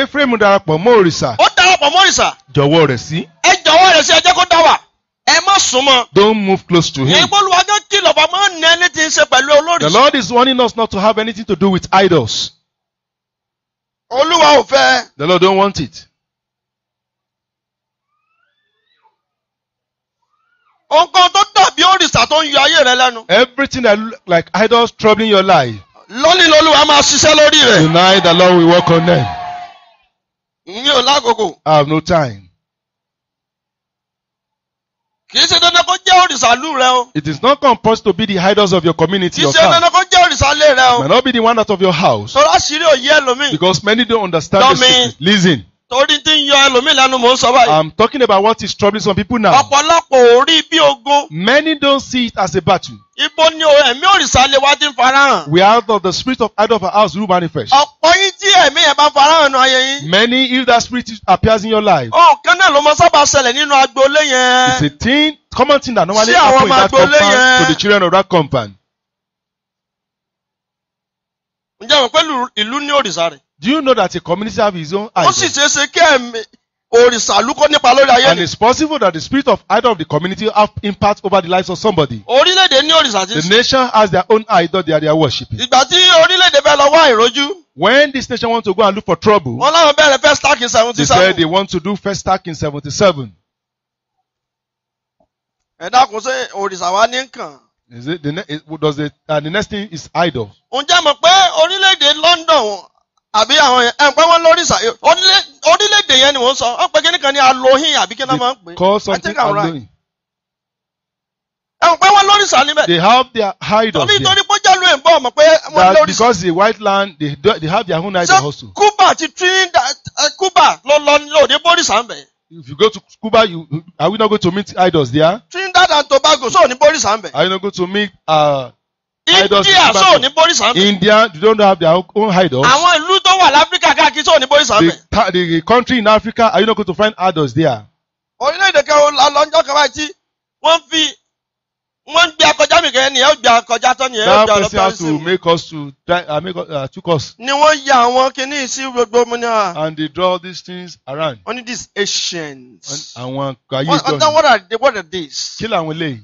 Ephraim darapọ̀ mọ́ òrìṣà. Ó darapọ̀ mọ́ òrìṣà. Jọ̀wọ́ rẹ̀ sí. Ẹ jọ̀wọ́ rẹ̀ sí ẹ kó dá wà. Ẹ má súnmọ́. Don't move close to him. Ìgbóluwájú kìlọ̀ bá máa ní ẹni tí ń ṣe pẹ̀lú olórí. The Lord is warning us not to have anything to do with idols. Olúwa ò fẹ́. The Lord don't want it. Nǹkan tó dàbí òrìṣà tó ń yọ ayé rẹ lẹ́nu. Everything that look like idols troubling your life. Lónìí l'Olúwa máa ṣiṣẹ́ lórí rẹ̀. Tonight the Lord will work on them. Mi ò lákòókò. I have no time. Kì í ṣe dandan kó jẹ́ òrìṣà ìlú rẹ o. It is not compulsory to be the idols of your community or town. Kì í ṣe dandan kó jẹ́ òrìṣà ilé rẹ o. may not be the one out of your house. Sọlá ṣírí òye ẹlòmíì. Because many don't understand the secret. Listen torí tí ń yọ ẹlòmíì lẹ́nu mò ń sọ báyìí. I'm talking about what is troubling some people now. ọ̀pọ̀lọpọ̀ ò rí bí ogun. Many don't see it as a battle. Ibo ni ẹ̀mí òrìṣà lè wá ti ń farahàn. We are the, the spirit of out of our house will manifest. Ọ̀pọ̀ yín tí ẹ̀mí yẹn bá farahàn nù ayé yín. Many if that spirit appears in your life. Ọ̀kan náà ló mọ sábà ṣẹlẹ̀ nínú agboolé yẹn. It's a thing common thing that normally happen in that compound to the children of that compound. Ǹjẹ́ àwọn pẹ̀lú ìlú ní òrìṣà rẹ̀? Do you know that a community have his own idol? Ó sì ṣe é ṣe kí ẹ̀mí òrìṣà lúkọ nípa lórí ayé ni. And it's possible that the spirit of idol of the community have impact over the lives of somebody. Orílẹ̀-èdè ní òrìṣà ti. The nation has their own idol they are their worshiping. Ìgbà tí orílẹ̀-èdè bẹ́ẹ̀ lọ wá ìrojú. When this nation want to go and look for trouble. Wọ́n láwọn bẹ̀rẹ̀ first stack in seventy seven. They said they want to do first stack in seventy seven. Ẹ dákun ṣe òrìṣà wa ní kàn. Is it the, does the, uh, the next thing is idol. Ǹjẹ́ mọ̀ pé orílẹ̀-èdè London àbí àwọn yẹn ẹ pé wọn lórí ìsà orílẹ̀-èdè yẹn ni wọ́n sọ wọ́n pe kí nìkan ni alohin àbí kí náà máa ń pè é. call something alohin. ẹ pé wọn lórí ìsà níbẹ̀. they have their hide of there. torí torí pọ́jà ló ń bọ̀ mọ̀ pé wọ́n lórí. that because the white land they, they have their own hide of also. Cuba ti Trinidad Cuba ló lọ lóde bórìṣà ń bẹ̀. if you go to Cuba you are we not going to meet idols there. Trinidad and Tobago so ní bórìṣà ń bẹ̀. are you not going to meet. Uh, India so ní bórìṣà ń bẹ̀. India they don't have their own idols. àwọn tó wà láfíríkà káàkiri tó ní boys army. the the country in Africa are you not going to find adults there. orílẹ̀-èdè kan lọ́jọ́ kan tí wọ́n fi wọ́n gbé akọjá mi kẹ́yìn nìyẹn ó gbé akọjá tán nìyẹn ó gbé ọlọ́pàá sí mi. that person has to make us to try uh, make us uh, took us. ni wọ́n ya àwọn kìíní sí gbogbo mu ah. and they draw these things around. Only these Asians. àwọn ayé ìjọ ni. what are they what are these. kí làwọn eléyìí.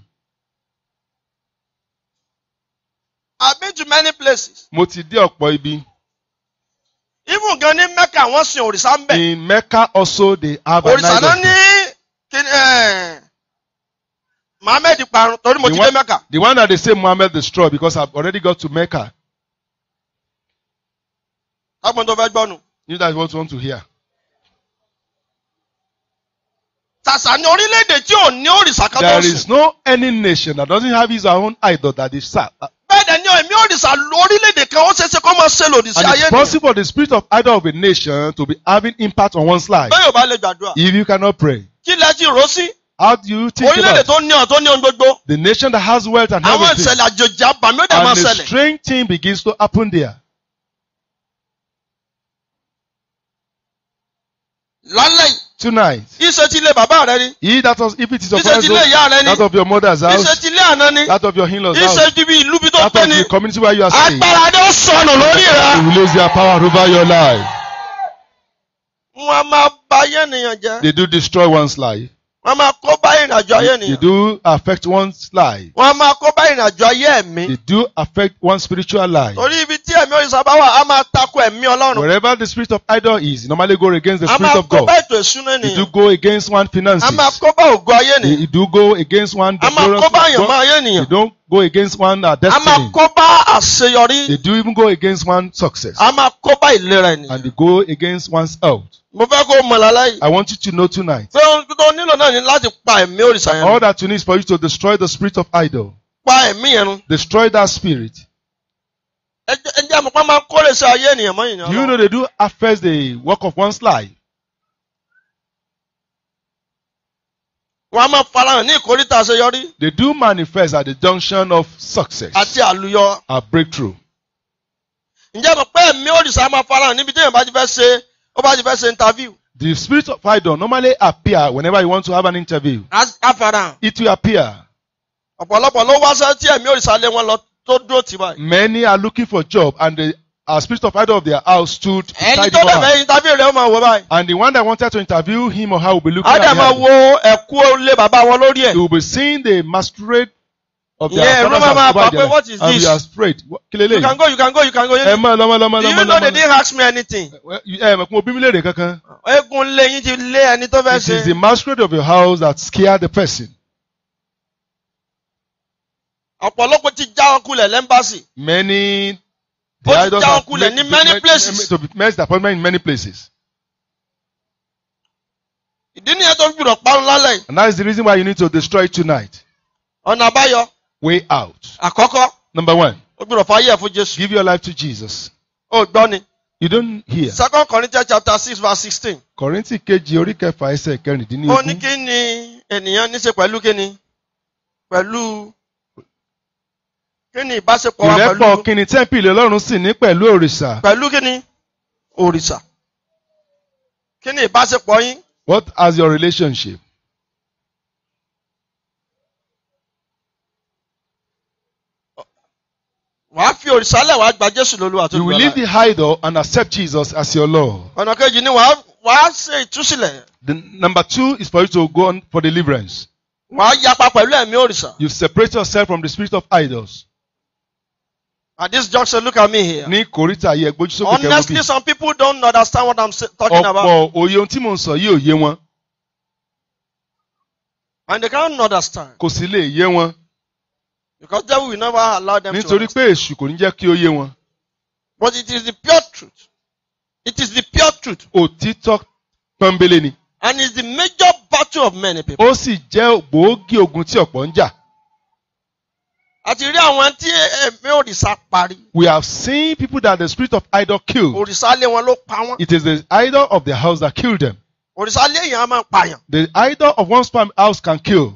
I've been to many places. mo ti dé ọ̀pọ̀ ibi even gan ní mecca wọ́n sin òrìṣà ń bẹ̀. in mecca also they have an idol. òrìṣà náà eh, mohammed parun torí mo ti dé mecca. the one that they say mohammed destroy because i already got to mecca. tágbọ́n tó fẹ́ gbọ́ nù. you guys want, to hear. Sàṣà ni orílẹ̀-èdè tí ò ní òrìṣà kan tó sùn. There is no any nation that doesn't have its own idol that is served ìsà orílẹ̀ kan ó ṣeéṣe kó máa ṣe lòdì sí ayé ni. and it's possible for the spirit of either of a nation to be having impact on one's life. bẹ́ẹ̀ yóò bá lè gbàdúrà. if you cannot pray. kí lẹ ti rò sí. How do you think about orílẹ̀-èdè tó ní ọ̀n tó ní ohun gbogbo. The nation that has wealth and everything. Àwọn ìṣẹ̀lẹ̀ àjòjì àbàmì máa ṣẹlẹ̀. And a strange thing begins to happen there. lálẹ́ tonight. iṣẹ́ ti ilé bàbá rẹ ni. yìí that was if it is your father's house. iṣẹ́ ti ilé ìyá rẹ ni. that of your mother's house. iṣẹ́ ti ilé àná ni. that of your in-laws house. iṣẹ́ ti bí ìlú tó gbé ni agbára ni ó sọnù lórí rẹ. they will lose their power over your life. wọ́n máa bà ayé ènìyàn jẹ́. they do destroy one's life. wọ́n máa kó bá ìrìnàjò ayé ènìyàn. they do affect one's life. wọ́n máa kó bá ìrìnàjò ayé ẹ̀mí. they do affect one's spiritual life. torí ibi tí ẹ̀mí òrìṣà bá wà á máa tako ẹ̀mí Ọlọ́run. wherever the spirit of idol is normally go against the spirit of God. a máa kó bá ètò ìṣúná ènìyàn. they do go against one's finances. a máa kó bá ògo ayé ènìyàn. they do go against one's. a máa kó bá àyànmọ́ ayé ènìyàn. they don't go against one uh, destiny. a máa kóbá àṣeyọrí. they do even go against one success. a máa kóbá ìlera ènìyàn. and they go against one's health. mo fẹ́ kó mọ̀ lálẹ́ I want you to know tonight. pé ohun tó nílò náà ni láti pa ẹ̀mí òrìṣà yẹn. all that you need is for you to destroy the spirit of idol. pa ẹ̀mí yẹn. destroy that spirit. ẹ jẹ́ àmọ́ pé máa kórè sí ayé ènìyàn mọ́ ìyàn. do you know they do affect the work of one's life. Wọ́n máa farahàn ní ìkórìtà àṣeyọrí. They do manifest at the junction of success. Àti àlùyọ. A breakthrough. Ǹjẹ́ mo pé ẹ̀mí òrìṣà máa farahàn níbi tí èèyàn bá ti fẹ́ ṣe ó bá ti fẹ́ ṣe interview. The spirit of idol normally appear whenever you want to have an interview. a farahàn. It will appear. Ọ̀pọ̀lọpọ̀ ló wá sẹ́ tí ẹ̀mí òrìṣà lé wọn lọ tó dúró tì báyìí. Many are looking for job and they As priest of idol of their house stood beside the woman. ẹni tó dẹ̀ fẹ́ interview rẹ̀ ó máa wọ báyìí. and the one that wanted to interview him or her will be looking at him. Ádámà wo ẹ̀kú ilé bàbá wọn lórí ẹ̀. you will be seeing the masquerade of their yeah, fathers and provide them what is and this? you are sprayed. kílélẹ̀ you can go you can go you can go. ẹ mọ lọmọ lọmọ lọmọ do you know they didn't ask me anything. ẹ mọ̀ kún obi mi léèrè kankan. eégún lé yín ti lé ẹni tó fẹ́ ṣe. it is the masquerade of your house that scare the person. ọ̀pọ̀lọpọ̀ ti já ọkùnrin lẹ́ńbàṣì. many The ó ti já ọkùnrin ní many places. in many places. ìdí nìyẹn tó ń gbúdọ̀ parun lálẹ́ yìí. and that is the reason why you need to destroy it tonight. ọ̀nà àbáyọ. way out. àkọ́kọ́. number one. ó gbúdọ̀ fàyè fún Jésù. give your life to Jesus. ó gbọ́ ni. You don't hear. Second Corinthians chapter six verse sixteen. Kọ̀rìntì kejì orí kẹfà ẹsẹ̀ kẹrìndínlógún. Ó ní kí ni ènìyàn ní ṣe pẹ̀lú kí ni? Pẹ̀lú kí ìbáṣepọ̀ wa pẹ̀lú. ìrẹ́pọ̀ kí ni ọlọ́run sì ní pẹ̀lú òrìṣà. pẹ̀lú kí òrìṣà. kí ìbáṣepọ̀ yín. what has your relationship? wà á fi òrìṣà lẹ̀ wà gba Jésù lólúwa tó lù you will leave the idol and accept Jesus as your Lord. ọ̀nà kejì ni wà á wà á ṣe ìtúsílẹ̀. the number two is for you to go on for deliverance. wà á yapa pẹ̀lú ẹ̀mí òrìṣà. you separate yourself from the spirit of idols. At this juncture, look at me here. Ní kòríta yẹ gbójú sókè kẹ́wọ́ Honestly, some people don't understand what I'm talking about. Ọ̀pọ̀ òye ohun tí mò ń sọ yìí ò yé wọn. And they can't understand. Kò sí lè yé wọn. Because devil will never allow them to. Nítorí pé èṣù kò ní jẹ́ kí ó yé wọn. But it is the pure truth. It is the pure truth. Òtítọ́ pọ́nbélé ni. And it's the major battle of many people. Ó sì jẹ́ gbòógì ogun tí ọ̀pọ̀ ń jà. A rí àwọn tí eh, ẹ̀mí òrìṣà parí. We have seen people that the spirit of idol killed. Òrìṣà ilé wọn ló pa wọ́n. It is the idol of the house that killed them. Òrìṣà ilé èèyàn máa pààyàn. The idol of one's family house can kill.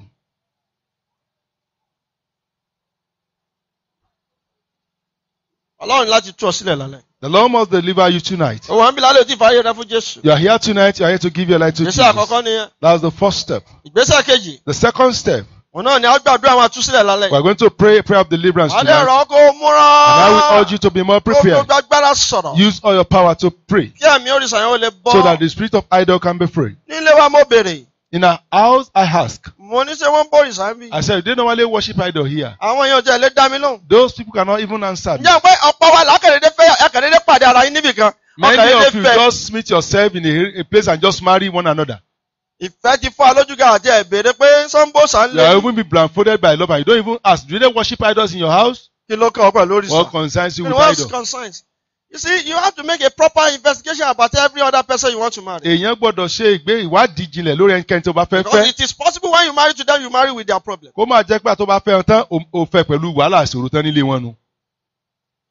Ọlọ́run láti tú ọ sílẹ̀ lálẹ́. The Lord must deliver you tonight. Òwò ń bí lálẹ́ òtí fàáyé rẹ fún Jésù. You are here tonight, you are here to give your life to Jesus. Ìgbésẹ̀ àkọ́kọ́ nìyẹn. That's the first step. Ìgbésẹ̀ kejì. The second step òun náà ni a gbàdúrà àwọn àtúnṣílẹ̀ lálẹ́. we are going to pray prayer of deliverance tonight. alẹ́ rọ̀ kó múra. and I will urge you to be more prepared. kó gbogbo sọ̀rọ̀. use all your power to pray. kí ẹ̀mí òrìṣà yẹn lè bọ́. so that the spirit of idol can be free. nílé wa mo béèrè. In our house, I ask. Mo ní ṣe wọ́n ń bọ̀rì I said, they normally worship idol here. Àwọn èèyàn jẹ́ ilé dá mi lóhùn. Those people cannot even answer me. Ǹjẹ́ pé ọ̀pọ̀ wa lákàdédé fẹ́ àkàdédé pàdé ara yín níbì kan? Many of you just meet yourself in a, a place and just marry one another. Ìfẹ́ ti fọ́ alójúgà àti ẹ̀bẹ̀rẹ̀ pé Sọ́nbọ̀sà ń lé. You are even be blindfolded by love you don't even ask do they worship idols in your house? Kí ló kàn ọ́ pẹ̀lú orísun? What concerns you with idols? What concerns? You see, you have to make a proper investigation about every other person you want to marry. Èèyàn gbọ́dọ̀ ṣe ìgbé ìwádìí jinlẹ̀ lórí ẹnikẹ́ni tó bá fẹ́ fẹ́. Because it is possible when you marry to them, you marry with their problem. Kó máa jẹ́ pé àtọ́ bá fẹ́ ọ tán, o fẹ́ pẹ̀lú wàhálà ìṣòro tán nílé wọn nu.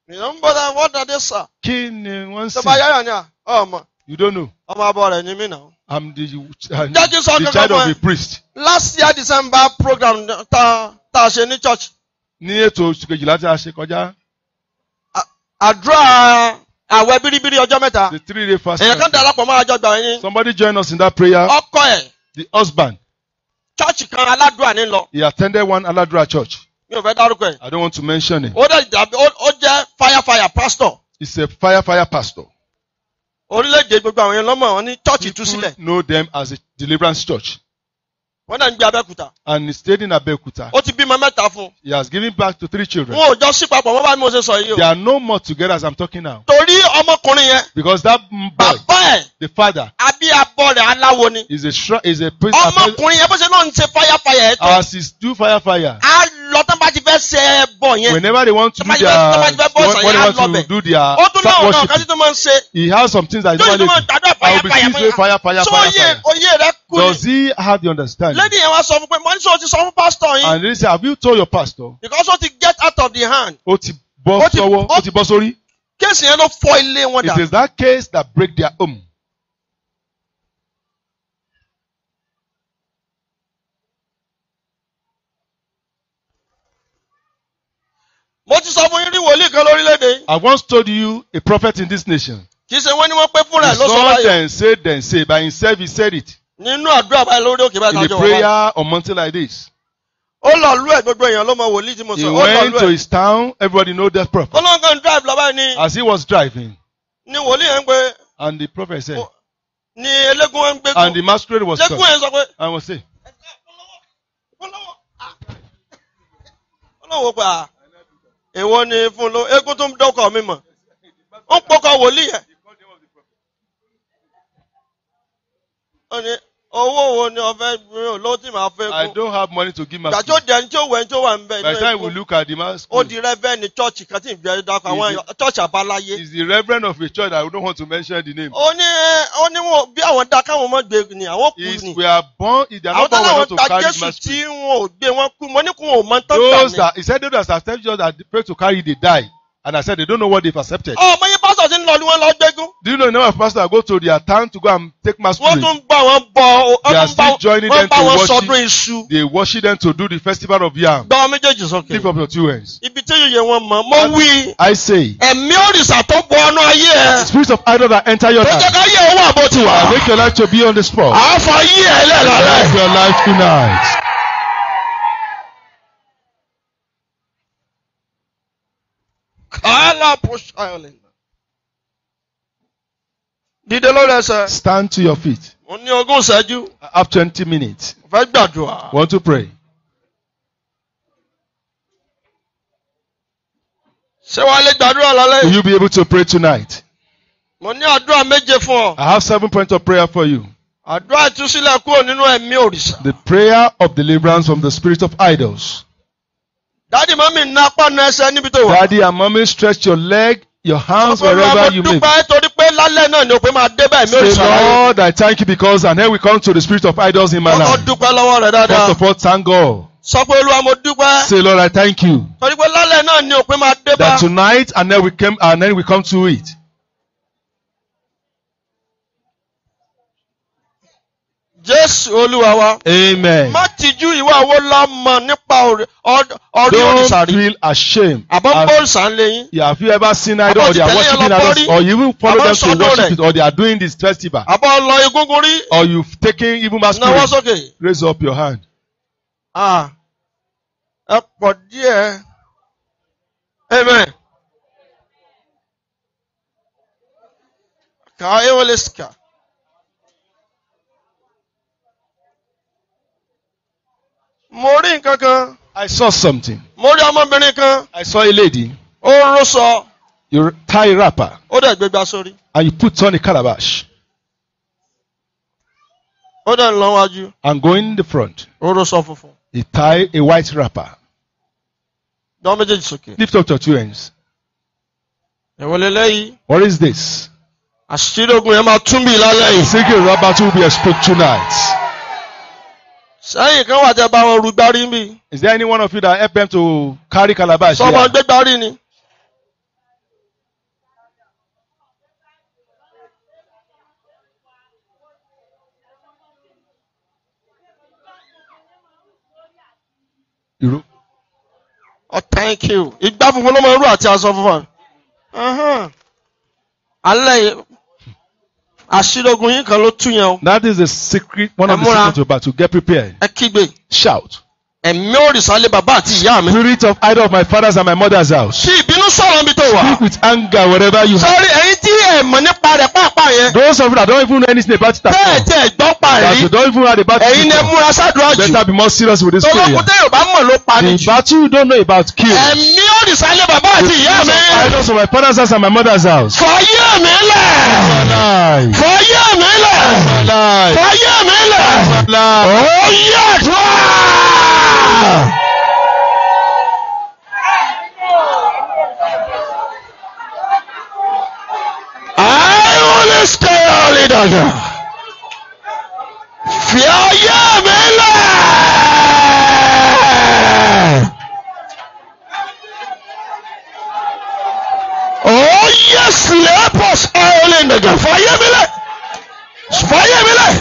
You don't bother what are they, sir? Kí ni wọ́n ń Tọ́ba yáyà ni à, ọmọ. You don't know. ọmọ abọ ni mí náà. I'm the uh, the child of a priest. Last year December program ta ta ṣe ní church. Ní ètò oṣù kejìlá tí a ṣe kọjá. Àdúrà àwẹ̀ bíríbírí ọjọ́ mẹ́ta. The three day fast. Èèyàn kan darapọ̀ mọ́ àjọgbà yín. Somebody join us in that prayer. Ọkọ ẹ̀. The husband. Church kan aládùúrà ní lọ. He attended one aládùúrà church. Mi ò fẹ́ dárúkọ ẹ̀. I don't want to mention it. Ó ó jẹ́ fire fire pastor. He's a fire fire pastor orílẹ̀-èdè gbogbo àwọn yẹn lọ́mọ wọn ní church tú sílẹ̀. people know them as a deliverance church. wọ́n náà ń gbé Abẹ́òkúta. and he stayed in Abẹ́òkúta. ó ti bímọ mẹ́ta fún. he has given back to three children. wọn ò jọ sí papọ̀ wọ́n bá mi ò ṣe sọ yìí o. they are no more together as I'm talking now. torí ọmọkùnrin yẹn. because that boy. bàbá ẹ̀. the father. àbí abọ́ rẹ̀ aláwo ni. is a is a priest. ọmọkùnrin yẹn bó ṣe náà ń ṣe fire fire as he do fire fire. a lọ tán bá ti fẹ́ ṣe ẹbọ yẹn. whenever they want to do their what they want to do their star worship. he has some things that he don't do. I will be seen fire fire fire fire. so oye rẹ kú ni. does he have the understanding. lady yẹn wá sọ fún pé mo ní sọ ti sọ fún pastor yín. and he say have you told your pastor. because ó ti get out of the hand. ó ti bọ́ sọ́wọ́ ó ti bọ́ sórí. kéèsì yẹn ló fọ́ ilé wọn dà. it is that case that break their home. mo ti sọ fún yín rí wòlíì kan lórílẹ̀‐èdè. I once told you a prophet in this nation. kì í ṣe wọ́n ní wọ́n pé fúnra ẹ̀ ló sọ báyìí. he saw then say then say by himself he said it. nínú àdúrà báyìí lórí òkè báyìí. in a prayer on mountain like this. ó lọ lú ẹ gbogbo èèyàn ló mọ wòlíì tí mo sọ he went to his town everybody know that prophet. olóńgbò ń drive lọ báyìí ni. as he was driving. ni wòlíì yẹn ń pe. and the prophet said. ni eléégún ń gbé. and the masquerade was gone. eléégún yẹn sọ pé. and was say. olówó pa. èwo ni fún lo Egun tó ń dọ́kọ̀ mi mọ̀ ó ń pọkọ wòlíì ẹ̀. Owó wo ni ọ̀fẹ́ mi ò lówó tí màá fẹ́ kú. I don't have money to give my school. Gbàtí ó dẹ̀ ní tí ó wẹ̀ ní tí ó wà ń bẹ̀. By the time we look at the man school. Ó di rẹ́fẹ̀ẹ́ni chọ́ọ̀chì kan tí ń bẹ̀rẹ̀ dákọ̀ àwọn chọ́ọ̀chì àbáláyé. He is the reverend of a church I don't want to mention the name. Ó ní ó ní wọn bí àwọn dá káwọn ọmọ gbé ni àwọn kú ni. Is we are born in their number one to carry the man school. Àwọn tó náà ta Jésù tí wọn ò gbé wọn kú mo ní kó wọn ò mọ tán tán ni. Those that he said those that accept Jesus that pray to carry they die and I said they don't know what they have accepted. Ọmọ yẹn ti ń lọ ni wọ́n lọ gbégún. do you know the number of pastors go to their town to go and take mass prayer. wọ́n tún bá wọn bọ wọ́n they are still joining them to worship they worship them to do the festival of yam. gba ọmọ méjèèjì sókè. lift up your two hands. ibi tí yòye wọn mọ mo wí. I say. ẹ̀mí òrìṣà tó bọ ọ̀nà ayé ẹ. spirit of idol that enter your life. tó jẹ́ ká yẹ owó àbò tiwa. make your life to be on the spot. a afọ yí ẹ lẹ́lọ́lẹ́. make your life tonight. Kala push island. Dídé lórí ẹsẹ̀. Stand to your feet. Mo ní ogún ìṣẹ́jú. I have twenty minutes. Mo fẹ́ gbàdúrà. Want to pray? Ṣé wàá lè gbàdúrà lálẹ́? Will you be able to pray tonight? Mo ní àdúrà méje fún ọ. I have seven points of prayer for you. Àdúrà ìtúsílẹ̀ kúrò nínú ẹ̀mí òrìṣà. The prayer of deliverance from the spirit of idols. Dádì mọ́mí ná apá ná ẹsẹ̀ níbi tó wà. and mommy stretch your leg, your hands wherever you may. Ọ̀pọ̀lọpọ̀ mo dúpẹ́ torí lálẹ́ náà ni òpin máa dé mi ò ṣàlàyé. say Lord I thank you because and then we come to the spirit of idols in my life. ọkọ dúpẹ́ lọ́wọ́ rẹ̀ dáadáa. first of all thank God. sọ pé Olúwa mo dúpẹ́. say Lord I thank you. torí pé lálẹ́ náà ni òpin máa dé that tonight and then we came and then we come to it. Jésù Olúwa Amen. Má tijú ìwà wo la nípa ọdún òrìṣà rí. Don't feel ashamed. Àbọ̀ ń bọ̀ òrìṣà ń lẹ́yìn. Yeah, have you ever seen idol or they are worshiping idols or you even follow them to worship it or they are doing this festival. Àbọ̀ lọ egúngún rí. Or you've taken even masquerade. Nawọ́ sókè. Raise up your hand. Ah, ẹ pọ̀ díẹ̀. Amen. Kàá ewé lè sìkà. mo rí nǹkan kan. I saw something. mo rí ọmọbìnrin kan. I saw a lady. ó ń ró You tie wrapper. ó dẹ̀ gbégbá sórí. And you put on a calabash. ó dẹ̀ ń lọ wájú. And go in the front. ó ró sọ funfun. He tie a white wrapper. dán méjèèjì sókè. Lift up your two hands. èwo lélẹ́yìí. What is this? àṣírí ogun yẹn máa tún bí lálẹ́ yìí. Secret rubber to be exposed tonight sẹ́yìn kan wà tẹ́ bá wọn ru mi. is there any one of you that help them to carry calabash here. sọmọ gbé gbárí ni. oh thank you ìgbà funfun ló máa ń rú àti aṣọ funfun. alẹ́ Àṣírí kan ló tú yẹn o. That is the secret one of the secrets of battle. Get prepared. Ẹ kígbe. Shout ẹ̀mí òrìṣà lé bàbá àti ìyá mi. spirit of either of my father's and my mother's house. fi ìbínú sọ̀rọ̀ níbi tó wà. speak with anger wherever you. sọ́rí ẹ̀yin tí ẹ mọ̀ nípa rẹ̀ pàápàá yẹn. those of you that don't even know anything about it at all. bẹ́ẹ̀ tẹ̀ gbọ́ pa rí. that you don't even know about it. ẹ̀yin ẹ múra ṣáàdúrà jù. better be more serious with this prayer. tọ́lọ́kùn tẹ́ yorùbá mọ̀ ló pa ni jù. the battle you don't know about kill. ẹ̀mí òrìṣà lé bàbá àti ìyá mi. the idols of my father's house and my mother's house. fọyé mi lẹ̀. fọyé mi lẹ̀. fọyé mi lẹ̀. ó yẹ àdúrà. I only stay only dada. Fi ayé mi lẹ̀. Oh yes, lepos ayé mi lẹ̀. Fayé mi lẹ̀.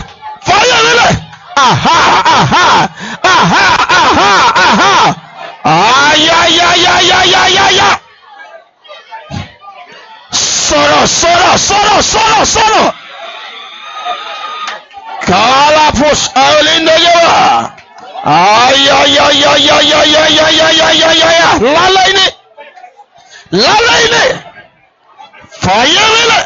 Fayé aha aha aha aha aha Ya! Ya! Ya! Ya! Ya! Ya! Solo! Solo! Solo! Solo! Solo! kalapus Ya! Ya! Ya! Ya! Ya! Ya! Ya! Ya! Ya! Ya! ayayayayayayayayayaya lálẹ́ ilé lálẹ́ ilé fàyẹ́rẹ́lẹ̀.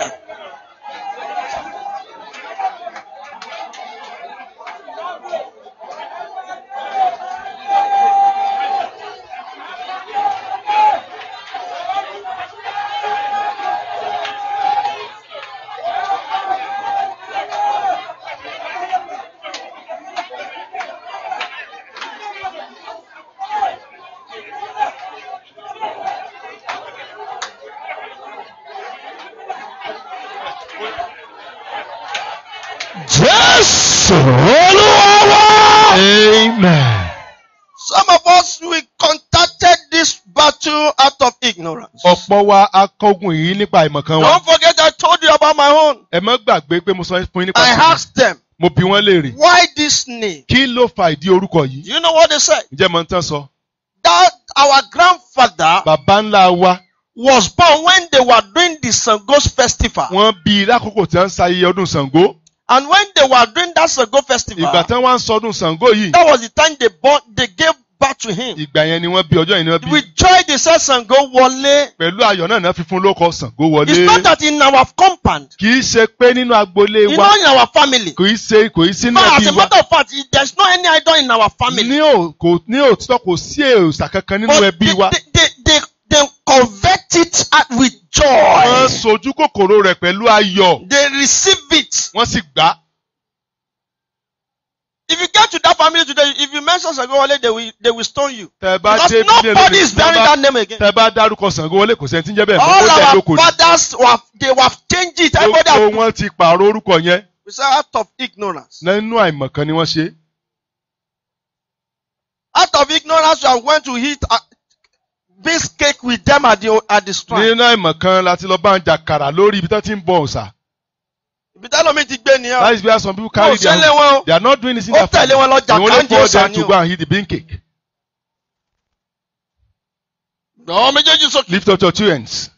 ọ̀pọ̀ wa akọ́gun yìí nípa àìmọ̀kan wa. Don't forget I told you about my own. Ẹ má gbàgbé pé mo sọ fún yín nípa tèmi. I asked them. Mo bi wọ́n léèrè. Why this name? Kí ló fa ìdí orúkọ yìí? You know what they said? Ǹjẹ́ mo ń tán sọ? That our grandfather. Bàbá ńlá wa. Was born when they were doing the Sango's festival. Wọ́n bí lákòókò tí wọ́n ń ṣayẹyẹ ọdún Ṣàngó. And when they were doing that Sango festival. Ìgbà tí wọ́n ń sọdún Ṣàngó yìí. That was the time they born they gave back to him. Ìgbà yẹn ni wọ́n bí ọjọ́ yẹn ni wọ́n bí. With joy they said Ṣàngó wọlé. Pẹ̀lú ayọ̀ náà náà fi fún lóko Ṣàngó wọlé. It's not that in our compound. Kì í ṣe pé nínú agboolé wa. You know in our family. Kì í ṣe kò í sí ní ẹbí wa. As a matter of fact there's no any idol in our family. Ní ò ní òtítọ́ kò sí èròsà kankan nínú ẹbí wa. But they they they they convert it with joy. Wọ́n sojú kòkòrò rẹ̀ pẹ̀lú ayọ̀. They receive it. Wọ́n sì gbà á. If you get to that family today, if you mention Sango-Wale, they will they will stone you. Tẹ̀bá nobody is bearing that name again. Tẹ̀bá All our fathers were they have changed it. Gbogbo wọn ti pààrọ̀ We say out of ignorance. Out of ignorance you are going to eat this uh, cake with them at the at the strand. Nínú àìmọ̀kan láti lọ bá ń jàkàrà lórí ibi tó ti ń bọ òòṣà ibi táwọn mi ti gbé that is where some people carry their own they are not doing this in their family they only for them to go and eat the bean cake. Gbọ́n méjèèjì sókè. Lift up your two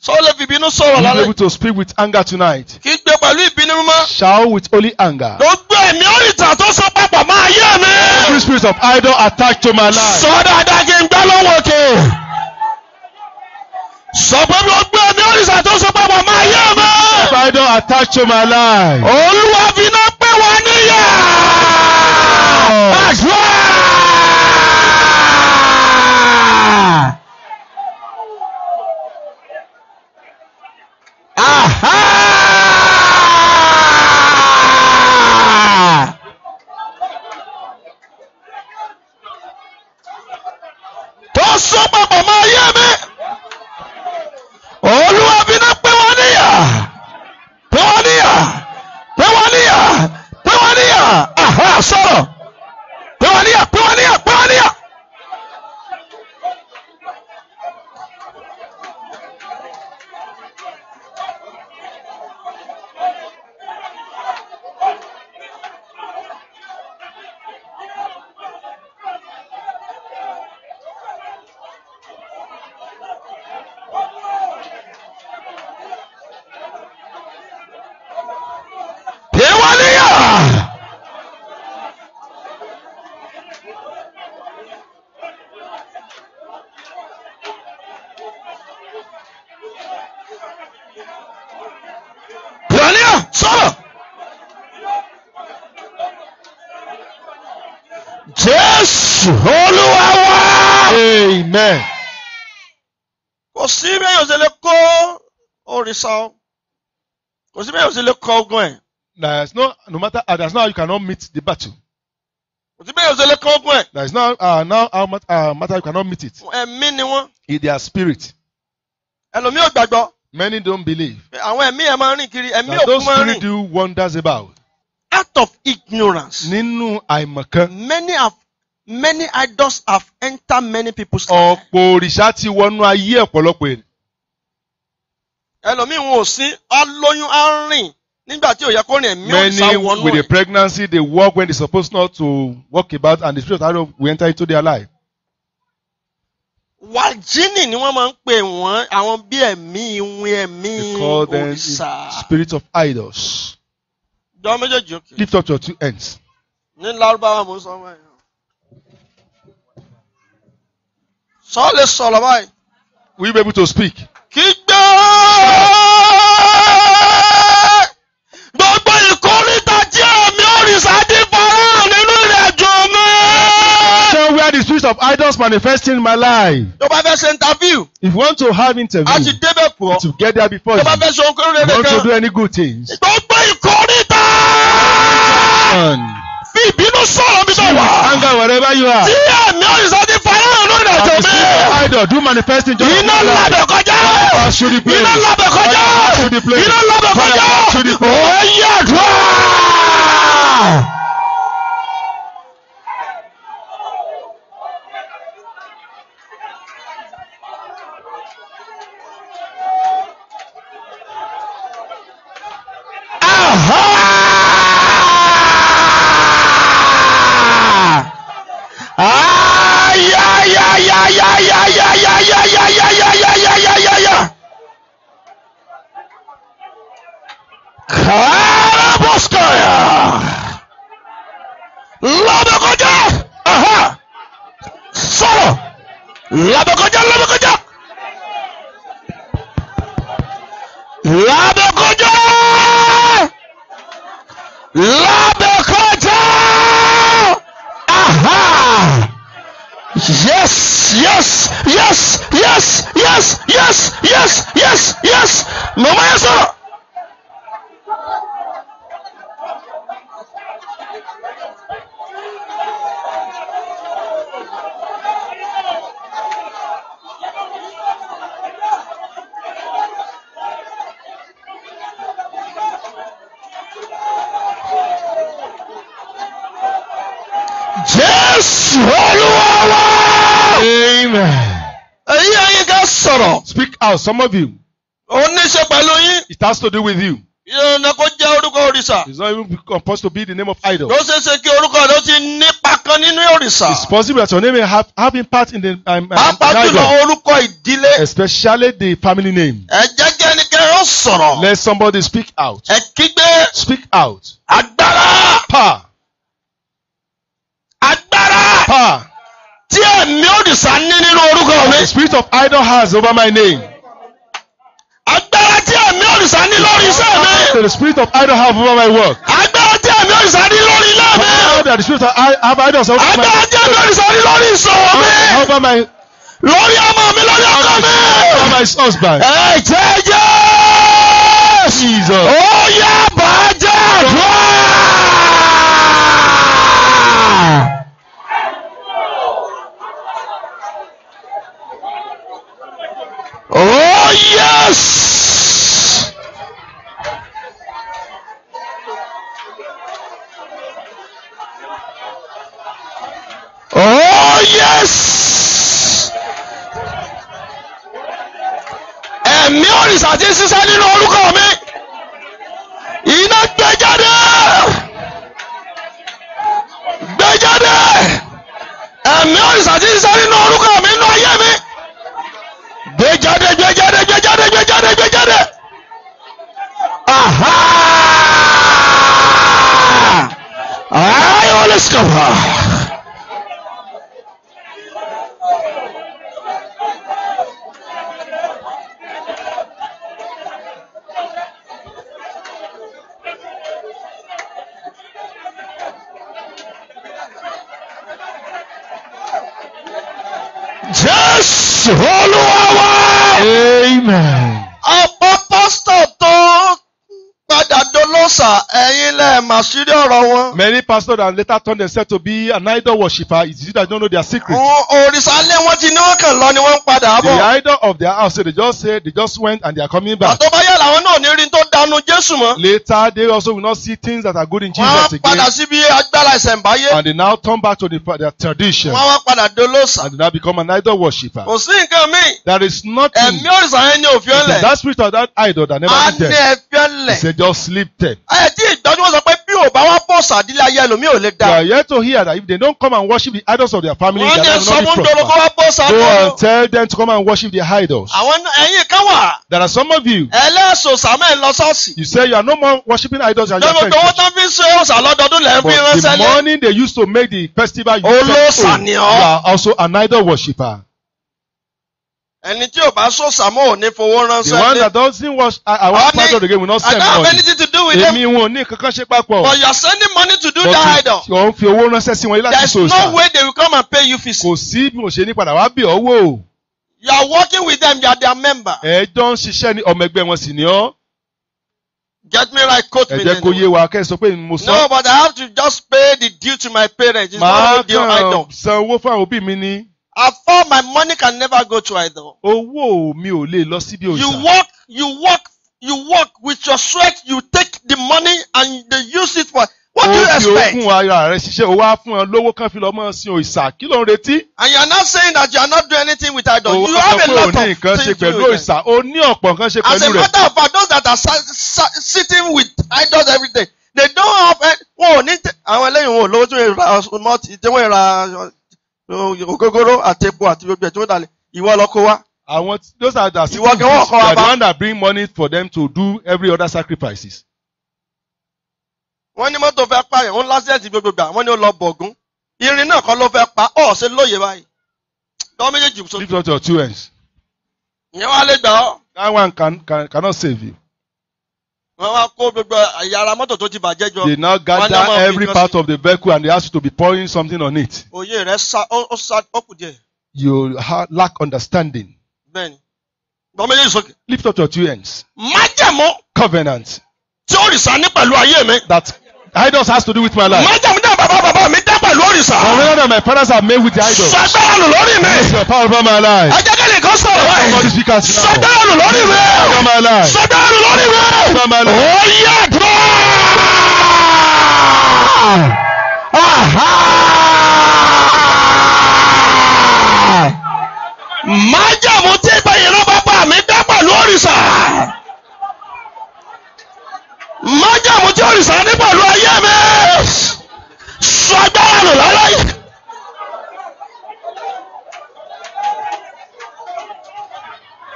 Sọ́ọ́lẹ̀ fi ìbínú sọ̀rọ̀ lálẹ́. Be able to speak with anger tonight. Kì í gbé pẹ̀lú ìbínú mímọ́. Shout with holy anger. Gbogbo ẹ̀mí òrìṣà tó sọ papọ̀ máa yé mi. Every spirit of idol attached to my life. Sọ dáadáa kí n gbá lọ́wọ́ òkè. Sọ pé gbogbo ẹ̀mí òrìṣà tó sọ papọ̀ máa yé mi idol attached to my life. Olúwa fi iná pé wá ní cortisol kò sí bẹ́ẹ̀ o sì lè kọ ogun there is no no matter uh, there is no how you cannot meet the battle. kò sí bẹ́ẹ̀ o sì lè kọ ogun there is no uh, no how uh, matter you cannot meet it. In their spirit. many don't believe. àwọn those spirit do wonders about. out of ignorance. nínú àìmọ̀kan. many have many idols have entered many people's lives. ọ̀pọ̀ òrìṣà ti wọnú ayé ọ̀pọ̀lọpọ̀ èrè ẹlòmíì wọn ò sí alóyún á rìn nígbà tí ò yẹ kó rìn ẹ̀mí òrìṣà wọnú ẹ̀. many with a pregnancy they work when they supposed not to work. about and the spirit of arrow will enter into their life. wàjínì ni wọ́n máa ń pè wọ́n àwọn bí ẹ̀mí ìwìn ẹ̀mí òrìṣà. spirit of idols. jọ méjèèjì òkè. lift up your two hands. ní lárúbáwá mo ń sọ ọmọ ẹ̀. lè sọ̀rọ̀ báyìí. will you be able to speak? kí Jesus manifesting in my life. Tó bá fẹ́ ṣe interview. If you want to have interview. A ti débẹ̀ pọ̀. To get there before you. Tó bá fẹ́ ṣe ohunkóhun rere kan. You want to do any good things. Gbogbo ìkórìtà. Fi ìbínú sọ̀rọ̀ mi sọ̀rọ̀. Anger wherever you are. Tí àmì òrìṣà ti fara hàn lórí ẹ̀jẹ̀ mi. Àmì idol do manifest in Jesus. Iná lábẹ̀ kọjá. Iná lábẹ̀ kọjá. Iná lábẹ̀ kọjá. Ó yẹ àdúrà. de coño, la de aha, la de Aha. Yes, yes, yes, yes, yes, yes, yes, yes, yes. No más eso. out some of you. ó ní ṣe pẹ̀lú yín. it has to do with you. ìrìnà kò jẹ́ orúkọ òrìṣà. it's not even supposed to be the name of idol. ó ṣeé ṣe kí orúkọ rẹ ti nípa kan nínú òrìṣà. it's possible that your name may have having part in the um, um, idol. pàápàá jùlọ orúkọ ìdílé. especially the family name. ẹ jẹ́ kí ẹnikẹ́ni ó sọ̀rọ̀. let somebody speak out. ẹ kígbe. speak out. agbára. pa. agbára. pa. tí ẹ̀mí òrìṣà ní nínú orúkọ mi. the spirit of idol has over my name òrìṣà ní lórí iṣẹ́ mi. the spirit of idol have over my work. agbára tí ẹ̀mí òrìṣà ní lórí ilé mi. power that the spirit of idol have over my work. agbára tí ẹ̀mí òrìṣà ní lórí ìṣòro mi. over my. lórí ọmọ mi lórí ọkọ mi. over my husband. ẹ jẹ́ jẹ́. Jesus! yá bàjẹ́ àdúrà. Oh, yes! yes ẹ̀mí òrìṣà ti ṣiṣẹ́ nínú orúkọ mi iná gbé jáde gbé jáde ẹ̀mí òrìṣà ti ṣiṣẹ́ nínú orúkọ mi nínú ayé mi gbé jáde gbé jáde gbé jáde gbé jáde gbé jáde aha ayi wọlé sikọ̀fà. Amen. pastor ẹ̀yin lẹ mà sírí ọ̀rọ̀ wọn. many pastors and later turned themselves to be an idol worshiper it is you that don't know their secret. òrìṣà lé wọn ti ní wọn kàn lọ ni wọn ń padà bọ̀. the idol of their house they just say they just went and they are coming back. àtọ́báyà làwọn náà ní rí tó dánú Jésù mọ́. later they also will not see things that are good in Jesus again. wọ́n á padà síbi agbára ìṣẹ̀ǹbáyé. and they now turn back to the, their tradition. wọ́n á padà dolóòsà. and they now become an idol worshiper. kò sí nǹkan míì. there is nothing. ẹ̀mí òrìṣà yẹn ni òfin ọ̀lẹ̀. that spirit of that idol that never ended. a ní ẹ̀fí ọ̀lẹ̀. he said just sleep there said. ẹ tí ìdájọ́ wọn sọ pé bí ò bá wá bọ̀ sàdílé ayé ẹlòmíì ò lè dá. you are yet to hear that if they don't come and worship the idols of their family they are not be prosper. go and tell them to come and worship their idols. àwọn ẹ̀yin kan wà. there are some of you. ẹlẹ́sọ̀ sàmẹ́ lọ you say you are no more worshiping idols and you are fake. lọ́wọ́ tó fi ṣe òòsà lọ́dọọdún lẹ́ẹ̀ fi ránṣẹ́ lé. but the morning they used to make the festival you oh, ni ọ́. are also an idol worshiper. ẹni tí ò bá sọ sàmọ́ ò ní fowó ránṣẹ́ lé. the one that doesn't watch our part of the game will not send money. I don't have anything with them. èmi wọn ò ní kankan ṣe papọ̀. but you are sending money to do but that idol. but ò fi owó ránṣẹ́ sí wọn láti sòòṣà. there is no way they will come and pay you fees. kò sí bí mo ṣe ní padà wá bí ọ wò. you are working with them you are their member. ẹ jọ ń ṣiṣẹ́ ní ọmọ ẹgbẹ́ wọn sì ni ọ́. Get me right coach. me. Ẹ jẹ́ kó yé wa kẹ́ ẹ sọ pé mo sọ. No but I have to just pay the due to my parents. It's Màá kàn san owó fún àwọn òbí mi ni. I thought my money can never go to idol. Owó mi ò lè lọ síbi òòṣà. You work you work you work with your sweat, you take the money and they use it for. What do you expect? O fi okun ara rẹ ṣiṣẹ́, o wá fún ọ lówó kan fi lọ mọ́ sin òrìṣà, kí ló ń retí? And you are not saying that you are not doing anything with idol. You have a lot of things to do. O ní nǹkan ṣe pẹ̀lú òrìṣà, o ní ọ̀pọ̀ nǹkan ṣe pẹ̀lú rẹ̀. As a matter of fact, those that are sitting with idols every day, they don't have wọn ò ní àwọn ẹlẹ́yìn wọn ò lówó tí ra mọ́tì tí wọ́n ra ògógóró uh, àti epo àti gbogbo ẹ̀ tí wọ́n dalẹ̀ ìwọ lọ kó àwọn those are the assistants they are the one that bring money for them to do every other sacrifices. wọ́n ní mọ́tò fẹ́ pààyàn wọ́n lásìlẹ̀sì gbogbogbà wọ́n ní ó lọ bọ̀gún irin náà kọ́ ló fẹ́ pa ọ̀ ṣe lóye báyìí lọ́wọ́ méjèèjì sókè. lift up your two hands. ìyẹn wàá lè gbà ọ́. that one can, can, cannot save you. wọ́n wá kó gbogbo yàrá mọ́tò tó ti bàjẹ́ jọ. they now gather every part of the vehicle and they ask you to be pouring something on it. òye rẹ̀ sá ó sá ó kù díẹ̀. you lack understanding bẹ́ẹ̀ni gbọ́n méjèèjì sókè. lift up your two hands. májẹ̀mú. covenant. tí òrìṣà ní pẹ̀lú ayé mi. that idols has to do with my life. májẹ̀mú dá bàbá bàbá mi dá pẹ̀lú òrìṣà. ọ̀rẹ́ that my parents are made with the idols. sọgbẹ́rẹ́ lù lórí mi. use your power over my life. ẹ jẹ́ kí lè kọ́ sọ̀rọ̀ ẹ̀. sọgbẹ́rẹ́ lù lórí mi. sọgbẹ́rẹ́ lù lórí mi. ó yẹ dùn. májàmú tí gbẹ̀yìn ló bá bá mi dá pẹ̀lú òrìṣà májàmú tí òrìṣà ní pẹ̀lú ayé mi sọ agbára nù láláyé.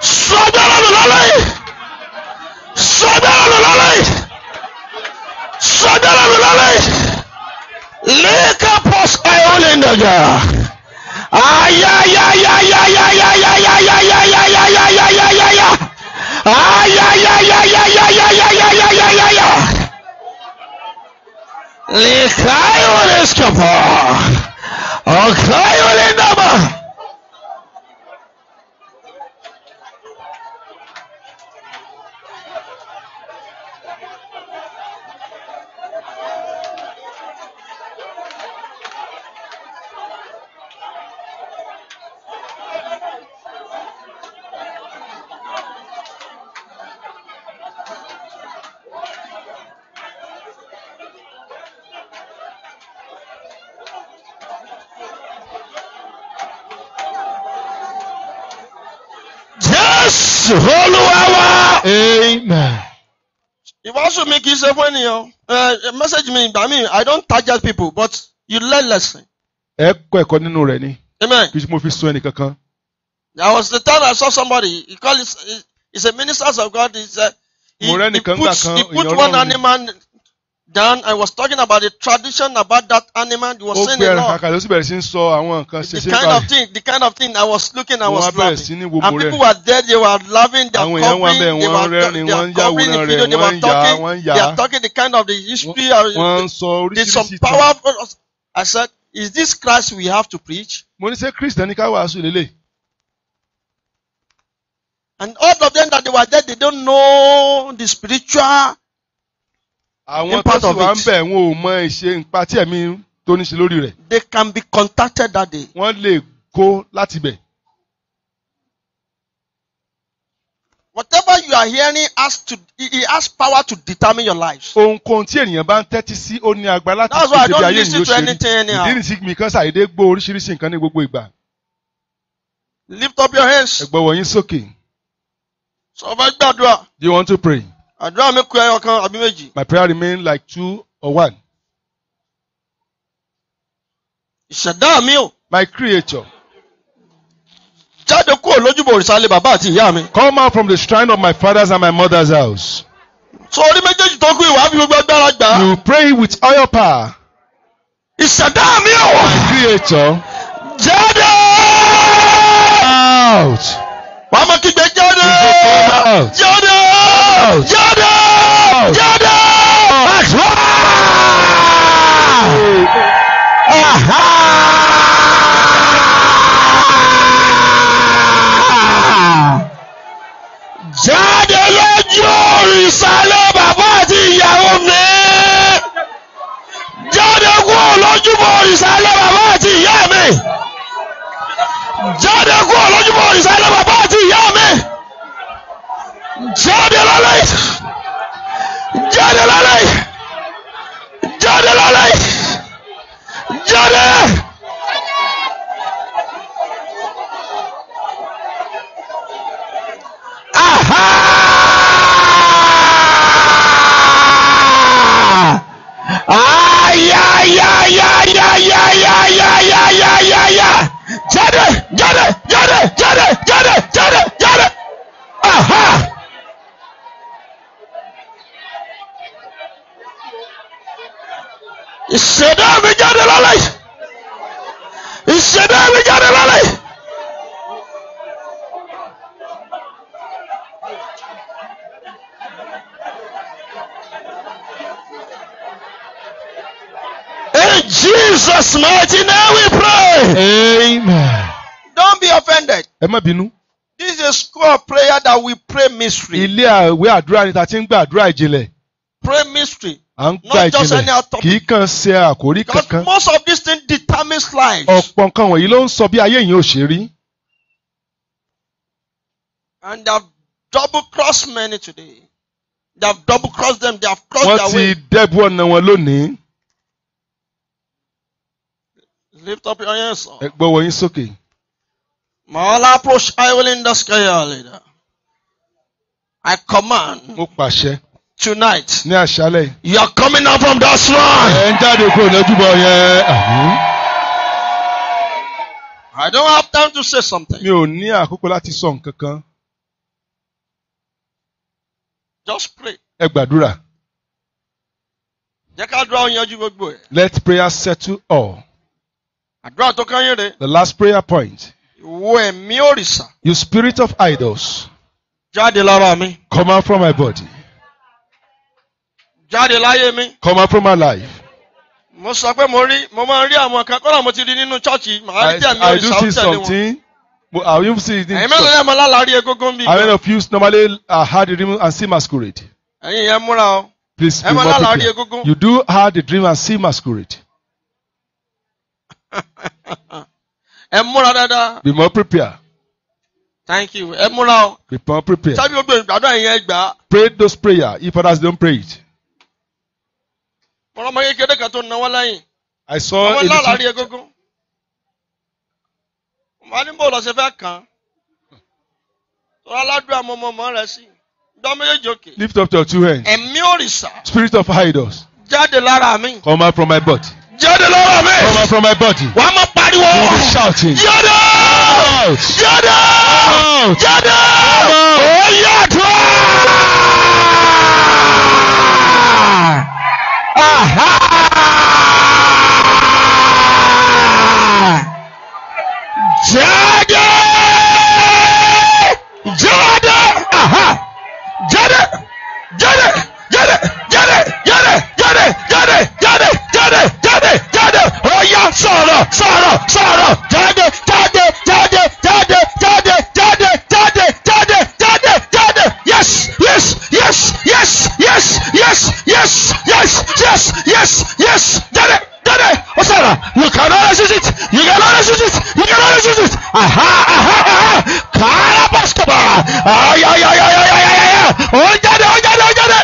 sọ agbára nù láláyé sọ agbára nù láláyé sọ Ay, ay, ay, ay, ay, ay, ay, ay, ay, ay, ay, ay, ay. Lichayo leskapa. Okayo Also make kì í ṣe fún ènìyàn. Message me. I mean, I don't target people but you learn lesson. Ẹ kọ́ ẹ̀kọ́ nínú rẹ̀ ni. Amen. Kì í ṣe mo fi sun ẹnì kankan. There was the time I saw somebody he call his he's a minister of God he said he, he put he put one animal Then I was talking about the tradition about that animal you were saying the law. Ó gbẹ̀rẹ̀ kàkà ló sì bẹ̀rẹ̀ sí ń sọ àwọn The kind of thing the kind of thing I was looking I was laughing. And people were there they were laughing they were covering they were rẹ́rìn wọ́n ń yàwòrán rẹ̀ wọ́n ń They are talking the kind of the history. Uh, There's some power. Uh, I said is this Christ we have to preach? Mo ní Christ ní ká wàásù lélẹ̀. And all of them that they were there they don't know the spiritual àwọn tó sì ń bẹ̀ wọn ò mọ ìṣe nípa tí ẹ̀mí tó ní ṣe lórí rẹ̀. they can be contacted that day. wọ́n lè kó láti bẹ̀. whatever you are hearing has to it has power to determine your life. ohunkóhun tí ènìyàn bá ń tẹ́tí sí ó ní agbára láti ṣe ìṣèlú ayé ìlú ṣe ìdí nìsí mi kan ṣàìdé gbọ́ oríṣiríṣi nǹkan ní gbogbo ìgbà. lift up your hands. ẹ gbọ́wọ́ yín sókè. sọ fẹ́ gbàdúrà. do you want to pray? àdúrà mi kù ẹyọ kan àbí méjì. my prayer remain like two or one. ìṣẹ̀dá mi o. my creator. jáde kúrò lójúbọ òrìṣà bàbá àti ìyá mi. come out from the shrine of my father's and my mother's house. so orí méjèèjì tó kú ìwà fi agbára gbà. you pray with oil power. ìṣẹ̀dá mi o. my creator. jáde. out wàá máa kígbe jáde jáde jáde jáde. jáde lójú òrìṣàlẹ̀ bàbá àti ìyàwó mi jáde kúrò lójúbọ òrìṣàlẹ̀ bàbá àti ìyá mi jáde kú ọlọ́júmọ́ ìsàlẹ̀ bàbá àti ìyá mi jáde lálẹ́ jáde lálẹ́ jáde lálẹ́ jáde. Ah! Ya ya ya ya ya ya ya ya ya ya Get it, get it, get it, get it, get it, get it, get it. Aha. İşte de mi geldi lan? İşte de mi geldi lan? Jesus' mighty name we pray. Amen. Don't be offended. This is a school of prayer that we pray mystery. Ilé ìwé àdúrà ni ta ti ń gba àdúrà ìjìnlẹ̀. Pray mystery. À ń gba ìjìnlẹ̀ kì í kàn ṣe àkórí kankan. Because most of these things determine life. Ọ̀pọ̀ nǹkan wọ̀nyí ló ń sọ bí ayé yìí ò ṣe rí. And they have double crossed many today. They have double crossed them. They have crossed their way. Wọ́n ti dẹ́bu ọ̀nà wọn lónìí. Lift up your hands. Ẹ gbọ́wọ́ yín sókè. Màálà approach Iwilin Daskaya leader. I command. Mo pàṣẹ. Tonight. Ní àṣálẹ̀. You are coming out from that shrine. Ẹ ń jáde kúrò lójúbọ yẹn. I don't have time to say something. Mi ò ní àkókò láti sọ nǹkan kan. Just pray. Ẹ gbàdúrà. Jẹ́ ká dúrà ó yanjú gbogbo ẹ̀. Let prayer settle all. Àdúrà tó kányìn rè. The last prayer point. Ìwọ ẹ̀mí òrìṣà. You spirit of idols. Jáde lára mi. Come out from my body. Jáde láyé mi. Come out from my life. Mo sọ pé mo rí mo máa ń rí àwọn kan kọ́nà mo ti rí nínú chọ́ọ̀chì màá rí ẹ̀mí òrìṣà ó tẹ̀lé wọn. I do see something. have you seen it? Ẹ̀yin mélòó yẹn mọ lálàárí egúngún bíi. How of you normally uh, had a dream and see masquerade? Ẹ̀yin yẹn múra o. Please be more prepared. You do have the dream and see masquerade ẹ múra dáadáa. be more prepared. thank you ẹ múra o. be more prepared. sábì gbogbo ìgbàdúrà yẹn gbà. pray those prayer if others don't pray it. ọlọmọ kékeré kan tó náwó lẹ́yìn. I saw a little. àwọn láàárín egungun. wọ́n ní bó lọ fẹ́ kàn tọ́lá ládùúgbò àmọ́ ọmọ ọmọ rẹ̀ sí. Lift up your two hands. Spirit of idols. Come out from my body. Jáde lọ́wọ́ mi. From my from my body. Wà á máa pariwo. You be shouting. Jáde! Jáde! Jáde! Ó yàtọ̀! Jáde! Jáde! Jáde! Jáde! Jáde! Jáde! Jáde! sọ̀rọ̀ sọ̀rọ̀ sọ̀rọ̀ jáde jáde jáde jáde jáde jáde jáde jáde jáde jáde yes yes yes yes yes yes yes yes yes yes yes jáde jáde ó sọ̀rọ̀ you cannot resist it you cannot resist it you cannot resist it aha aha aha kàrà pásítọ̀bà ayayayayayaya ó jáde ó jáde ó jáde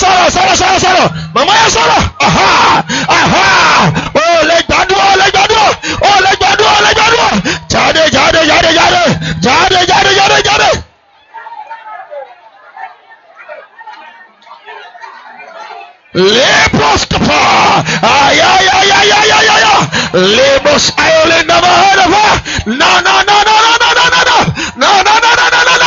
sọ̀rọ̀ sọ̀rọ̀ sọ̀rọ̀ sọ̀rọ̀ màmá yẹn sọ̀rọ̀ aha. Labels I only never heard of her. No, no, no, no, no, no, no, no, no, no,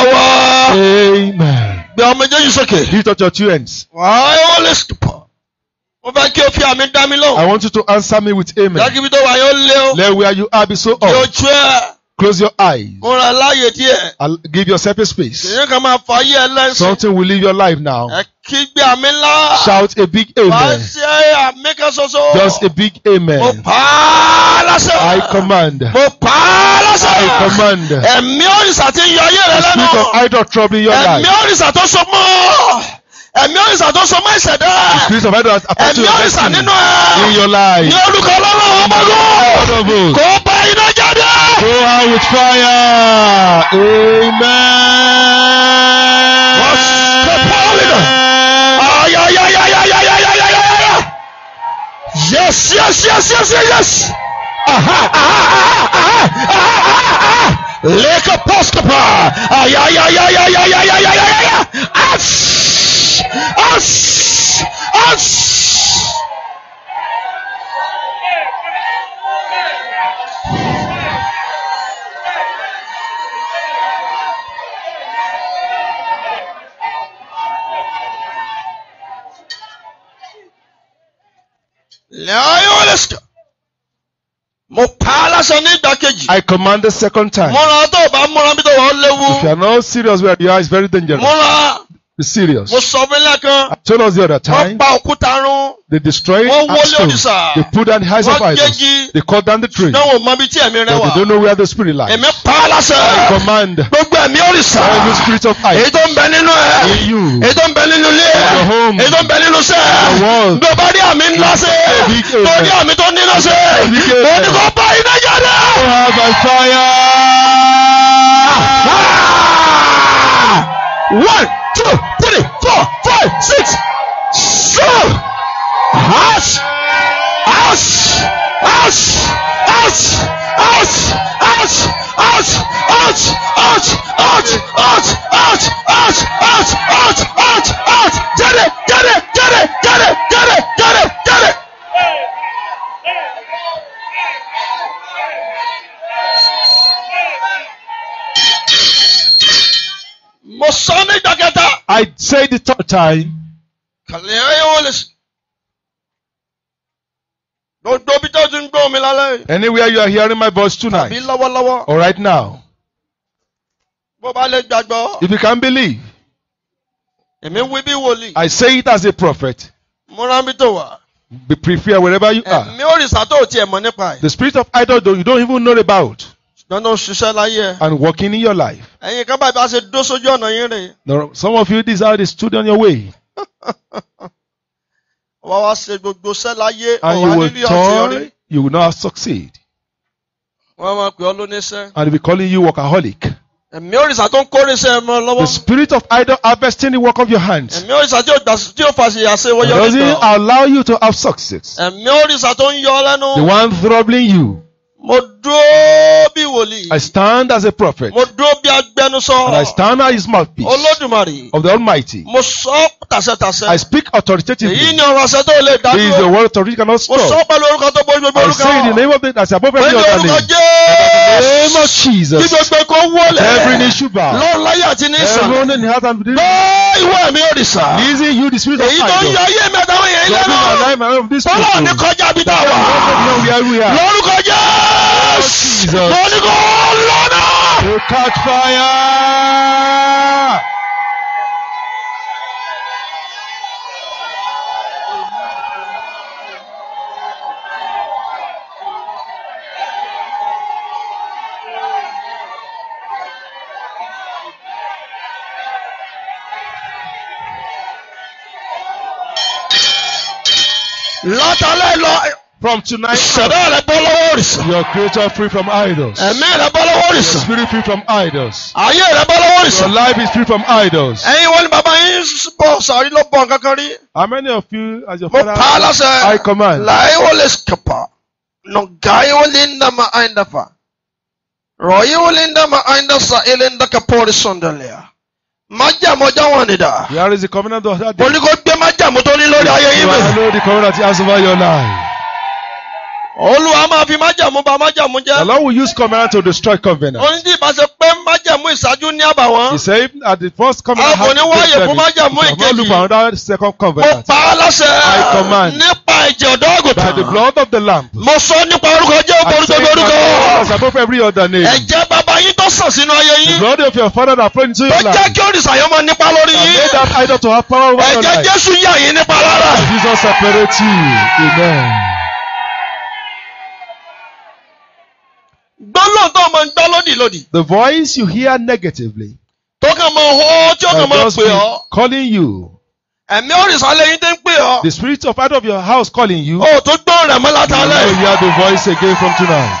no, no, no, no, no. Gbé ọmọ méjèèjì sókè. Lift up your two hands. Wàá ó lè sùn pọ̀. Mo fẹ́ kí o fi àmì dá mi lóhùn. I want you to answer me with amen. Lágbègbè tó wà yóò lé o. Lẹ́wẹ̀ you are be so up. Yóò tú ẹ̀. Close your eyes. Múra láàyè díẹ̀. give yourself a space. Èyí kan máa fọ ayé ẹlẹ́sìn. Something will leave your life now. Ẹ kígbe àmì ńlá. Shout a big amen. Wá ṣe àmì kan ṣoṣo. Just a big amen. Mo pa á I command. Mo pa á I command. Ẹ̀mí òrìṣà ti yọ ayé rẹ lẹ́nu. The spirit of idol trouble your life. Ẹ̀mí òrìṣà tó so mọ́ ẹ̀mí òrìṣà tó so mọ́ ẹ̀ṣẹ̀ dẹ́. the spirit of idol has apart you from destiny in your life. ní olùkọ́ lọ́wọ́ ọmọdún kò bá iná jáde. go out with fire amen. wọ́n ṣe pọ́ọ̀lì náà. ayayayayayayayayaya. yes yes yes yes yes yes. aha aha aha aha aha aha. Lake Episcopal. Ayayayayayayayayayaya. Ash us, us, us. Loyalist. Mo pa á lásán ní ìdákejì. I command the second time. If you are not serious where you are, it's very dangerous. Be serious. Mo sọ fún lẹ́kan. I told us the other time. Wọ́n pa òkúta run. They destroyed Wọ́n wọlé òrìṣà. They put down the heights of idols. Wọ́n gégi. They cut down the tree. Náà wọ́n mọ ibi tí ẹ̀mí rẹ wà. But they don't know where the spirit lies. Ẹ̀mí pa á I command. Gbogbo ẹ̀mí òrìṣà. All the spirit of idols. Èyí tó ń bẹ nínú ẹ. In you. Èyí tó ń bẹ nínú ilé ẹ. In your home. Èyí tó ń bẹ nínú sẹ́. In your world. Bí o bá rí àmì ńlá sẹ́. Tó a fire. Ah! One, two. five, six, seven. Hush, hush, hush, hush, hush, hush, hush, hush, hush, hush, hush, hush, hush, hush, hush, hush, hush. Get it, get it, get it, get it, get it, get it, get it. Mosani Dagata. I say the third time. Kàlẹ́yàwó lè sìn. Gbogbo Anywhere you are hearing my voice tonight. Tàbí All right now. If you can believe. I say it as a prophet. Múra Be prepared wherever you are. The spirit of idol though you don't even know about. Nana o ṣiṣẹ́ láyé. And working in your life. Ẹ̀yin kan báyìí bá ṣe dó sójú ọ̀nà yín rè. Some of you this is how stood on your way. And you will turn you will not succeed. And be calling you workaholic. The spirit of idol harvesting the work of your hands. Ẹ̀mí òrìṣà Doesn't allow you to have success. The one troubling you. Mo dúró bí wòlíì. I stand as a prophet. Mo dúró bí agbẹnusọ. And I stand as his mouthpiece. Olódùmarè. Of the Almighty. Mo sọ tàṣẹtàṣẹ. I speak authoritatively. Èyí ni ọ̀rọ̀ àṣẹ tó lè dá He is the word authority cannot stop. Mo sọ pẹ̀lú orúkọ tó bójú gbogbo orúkọ. I say in the name of the as above every other name. Pẹ̀lú orúkọ Jésù. Name of Jesus. Kí gbogbo kó wọlé. Every knee should bow. Lọ́ọ̀láyà àti ní ìsàn. Everyone in the heart and the ìwọ ẹ̀mí òrìṣà. Easy you the spirit of fire. Èyí tó ń yọ ayé mi àtàwọn èèyàn ilé náà. Tọ́lá ní kọjá bí tá a Lórúkọ Jésù. Mo ní lọ́nà. To catch fire. Látàlẹ́ lọ. From tonight. Ìṣẹ̀dá rẹ̀ bọ́ lọ́wọ́ òrìṣà. Your creator free from idols. Ẹ̀mí rẹ̀ bọ́ lọ́wọ́ òrìṣà. Your spirit free from idols. Ayé rẹ̀ bọ́ lọ́wọ́ òrìṣà. Your life is free from idols. Ẹ̀yin wọ́n ní bàbá yín bọ̀ sàrí ló bọ̀ kankan rí. How many of you as your father? Mo pa lọ́sẹ̀. I command. Láyé wọlé kẹpà. Nọ̀gáyé wọlé ń dàmà àyìndàfà. Rọ̀yé wọlé ń dàmà ilé ń dàkà pọ́ọ̀rì sọ̀ndẹ̀lẹ̀ májàmú ọjọ́ wọn nìdá. Here is the covenant of that day. Olùkọ́ gbé májàmú tó ní lórí ayé yìí You are alone the covenant he has over your Olúwa máa fi májàmú ba májàmú jẹ́. The Lord will use covenant to destroy covenant. Ó ní tí ìbá pé májàmú ìṣáájú ní àbàwọ́n. He said at the first covenant. A kò ní wáyè fún májàmú ìkejì. will not look for another second covenant. Mo pa á láṣẹ. I command. Nípa ẹ̀jẹ̀ ọ̀dọ́ àgùntàn. By the blood of the lamb. Mo sọ nípa orúkọ jẹ́ orúkọ orúkọ. I say my every other name. Ẹ̀jẹ̀ bàbá yín tó sàn sínú ayé yín. The blood of your father that flowed into your life. Ó jẹ́ kí òrìṣà máa nípa lórí yín. I made that idol to have power over your life. Ẹ̀jẹ̀ Jésù yà yín nípa lára. Jesus separate you. Amen. gbólóhùn tó máa gbọ́ lódì lódì. the voice you hear negatively. tó kàn mọ ohun tí ó mọ pè ọ́. calling you. ẹ̀mí òrìṣàlẹ̀ yín tẹ́ ń pè ọ́. the spirit of out of your house calling you. o tó gbọ́ rẹ̀ mọ́ látàlẹ́. you hear the voice again from tonight.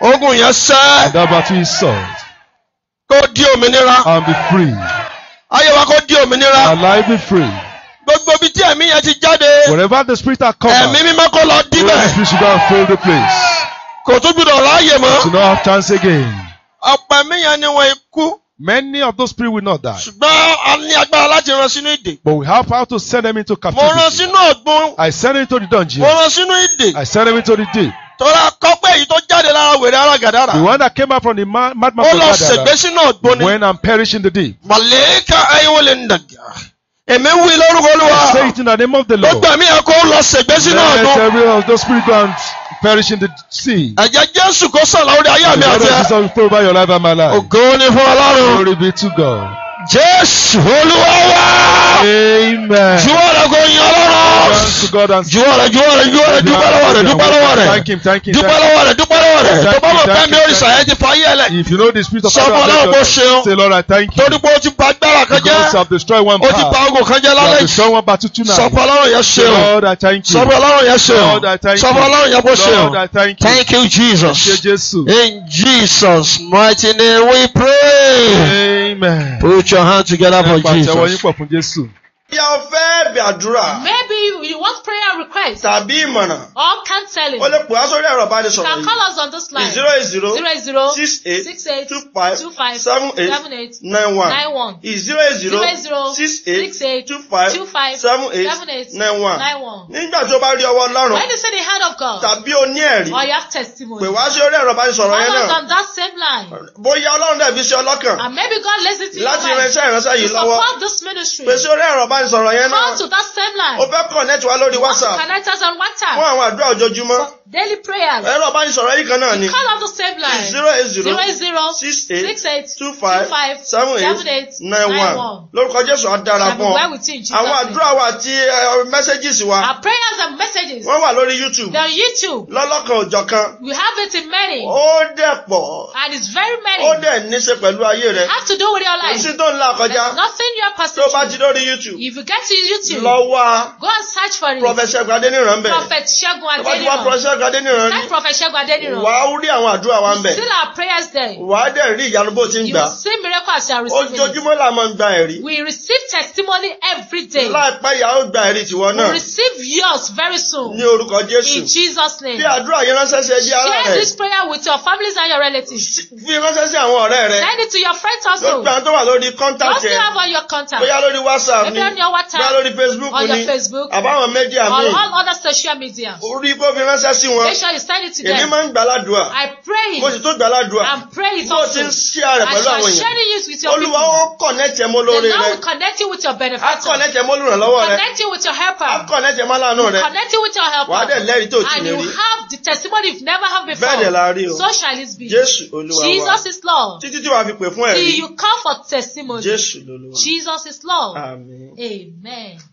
ogun yẹn sẹ́. and that battle is solved. kó di òmìnira. and be free. ayé wa kó di òmìnira. and life be free. Gbogbo ibi tí ẹ̀mí yẹn ti jáde. Wherever the spirit are come. Ẹ̀mí mímọ́ kó lọ díbẹ̀. The spirit should go and fill the place. Kò tún gbúdọ̀ láàyè mọ́. To not have chance again. Ọ̀pọ̀ ẹ̀mí yẹn ni wọ́n kú. Many of those spirits will not die. Ṣùgbọ́n a ní agbára láti rán sínú ìdè. But we have power to send them into captivity. Mo rán sínú ọ̀gbun. I send them into the dungeon. Mo rán sínú ìdè. I send them into the deep. Tọ́lá kọ́pẹ́ èyí tó jáde lára wèrè ara Gàdára. The one that came out from the madman mad from Ó lọ ṣègbé sínú ọ̀gbun ni. When I'm perishing the deep. Màlẹ́kà ayéwo lè dàgbà. Èmi wí lórúkọ Olúwa. I say it in the name of the Lord. Gbogbo ẹ̀mí ẹ̀kọ́ lọ ṣègbé sínú ọ̀gbun. Let every of those spirit grounds perish in the sea. ẹ̀jẹ̀ Jésù kó sàlà orí ayé mi àti ẹ. the blood of Jesus will pour over your life and my life. ògo ni fún Ọlọ́run. glory be to God. Jésù Olúwa wá. Amen. Juwọ́ rẹ̀ kò yin ọlọ́rọ̀. Juwọ́ rẹ̀ juwọ́ rẹ̀ juwọ́ rẹ̀ dúpẹ́ lọ́wọ́ rẹ̀ dúpẹ́ lọ́wọ́ rẹ̀. Dúpẹ́ lọ́wọ́ rẹ̀ dúpẹ́ lọ́wọ́ rẹ̀. Tó bá mọ̀ pé mi ò rí sàyẹ́ ti fàyè lẹ̀. Sọmọ náà kò ṣeun. Torí pé o ti bà gbára kan jẹ́. O ti bà ogun kan jẹ́ lálẹ́ yìí. Sọmọ ọlọ́run yẹn ṣeun. Sọmọ ọlọ́run yẹn ṣeun. Thank you Jesus. In Jesus' mighty name we pray. Amen. Put your hand together for Jesus. Bóyá o fẹ́ bẹ̀ àdúrà. Maybe you, want prayer request. Tàbí ìmọ̀ràn. Or counseling. O lè pè wá sórí ẹ̀rọ ìbánisọ̀rọ̀ yìí. You can call us on this line. zero eight zero. zero eight zero. six eight. six eight. two five. two five. seven eight. seven eight. nine one. nine one. zero eight zero. zero eight zero. six eight. six eight. two five. two five. seven eight. seven eight. nine one. nine one. Nígbà tí o bá rí ọwọ́ Ọlọ́run. When you say the hand of God. Tàbí o ní ẹ̀rí. Or you have testimony. Pè wá sórí ẹ̀rọ ìbánisọ̀rọ̀ yẹn náà. Call us on that same line. Bóyá Ọlọ́run dẹ̀ fi ṣe ọlọ́kàn. And maybe God listen to you. To support this ministry. Pèsè orí ẹ̀rọ ìbánisọ̀rọ̀ yẹn náà. Call to that same line. O fẹ́ connect wa lórí WhatsApp. You want to connect us on WhatsApp. Fún àwọn àdúrà ojoojúmọ́. For daily prayers. Ẹ̀rọ ìbánisọ̀rọ̀ yìí kan náà ni. You call up the same line. zero eight zero. zero eight zero. six eight. six eight. two five. two five. seven eight. seven eight. nine one. Lórúkọ Jésù á dára fún ọ. Àwọn àdúrà wa àti messages wa. Our prayers and messages. Wọ́n wà lórí YouTube. They're on YouTube. Lọ́lọ́kan òjọ̀kan. We have it in many. Ó dẹ̀ pọ̀. And it's very many. Ó dẹ̀ níṣe pẹ̀lú ayé rẹ. Have to do with your life. Kò sí tó ń la kọjá. There's nothing you are passing through. Tó bá ti lórí YouTube if you get to YouTube. lọ go and search for it. prophet Ṣẹ́gun Adéníran bẹ̀. prophet Ṣẹ́gun Adéníran. tọ́wájú wá prophet Ṣẹ́gun Adéníran. search prophet Ṣẹ́gun Adéníran. wà rí àwọn àdúrà wa ń still our prayers there. wà dẹ̀ rí ìyanu bó ti ń gbà. you see miracle as you are receiving. ojoojúmọ́ la máa ń gba ẹ̀rí. we receive testimony every day. láìpẹ́ ìyá ó gba ẹ̀rí tiwọn náà. we receive yours very soon. ní orúkọ Jésù. in Jesus name. bí àdúrà yẹn ránṣẹ́ sí ẹbí ara rẹ. share this prayer with your families and your relatives. fi ránṣẹ́ sí àwọn ọ̀rẹ́ rẹ. send it to your friends also. lójú àwọn tó wà contact bóyá lórí WhatsApp ni spend your water. lórí facebook ni on your facebook. àbáwọn méjì àmì. on all other social media. orí kó fi ránṣẹ́ sí wọn. make sure you send it to them. èmi máa ń gbàládùá. I pray it. mo sì tún gbàládùá. and pray also. mo ti ń share pẹ̀lú àwọn èèyàn. as sharing it with your people. olúwa ó connect ẹ lórí rẹ. the Lord will connect you with your benefactor. a connect ẹ olùrànlọ́wọ́ rẹ. connect you with your helper. a connect ẹ aláàánú rẹ. connect you with your helper. wàá dẹ̀ lẹ́rìí tó ti rí. and you have the testimony you never have before. bẹ́ẹ̀ dẹ̀ la rí o. so shall it be. Jésù olúwa wa. Jesus is Lord. títí tí wàá fi pè fún ẹ̀rí. till you come for testimony. Jésù olúwa. Jesus is Lord. Amen. Amen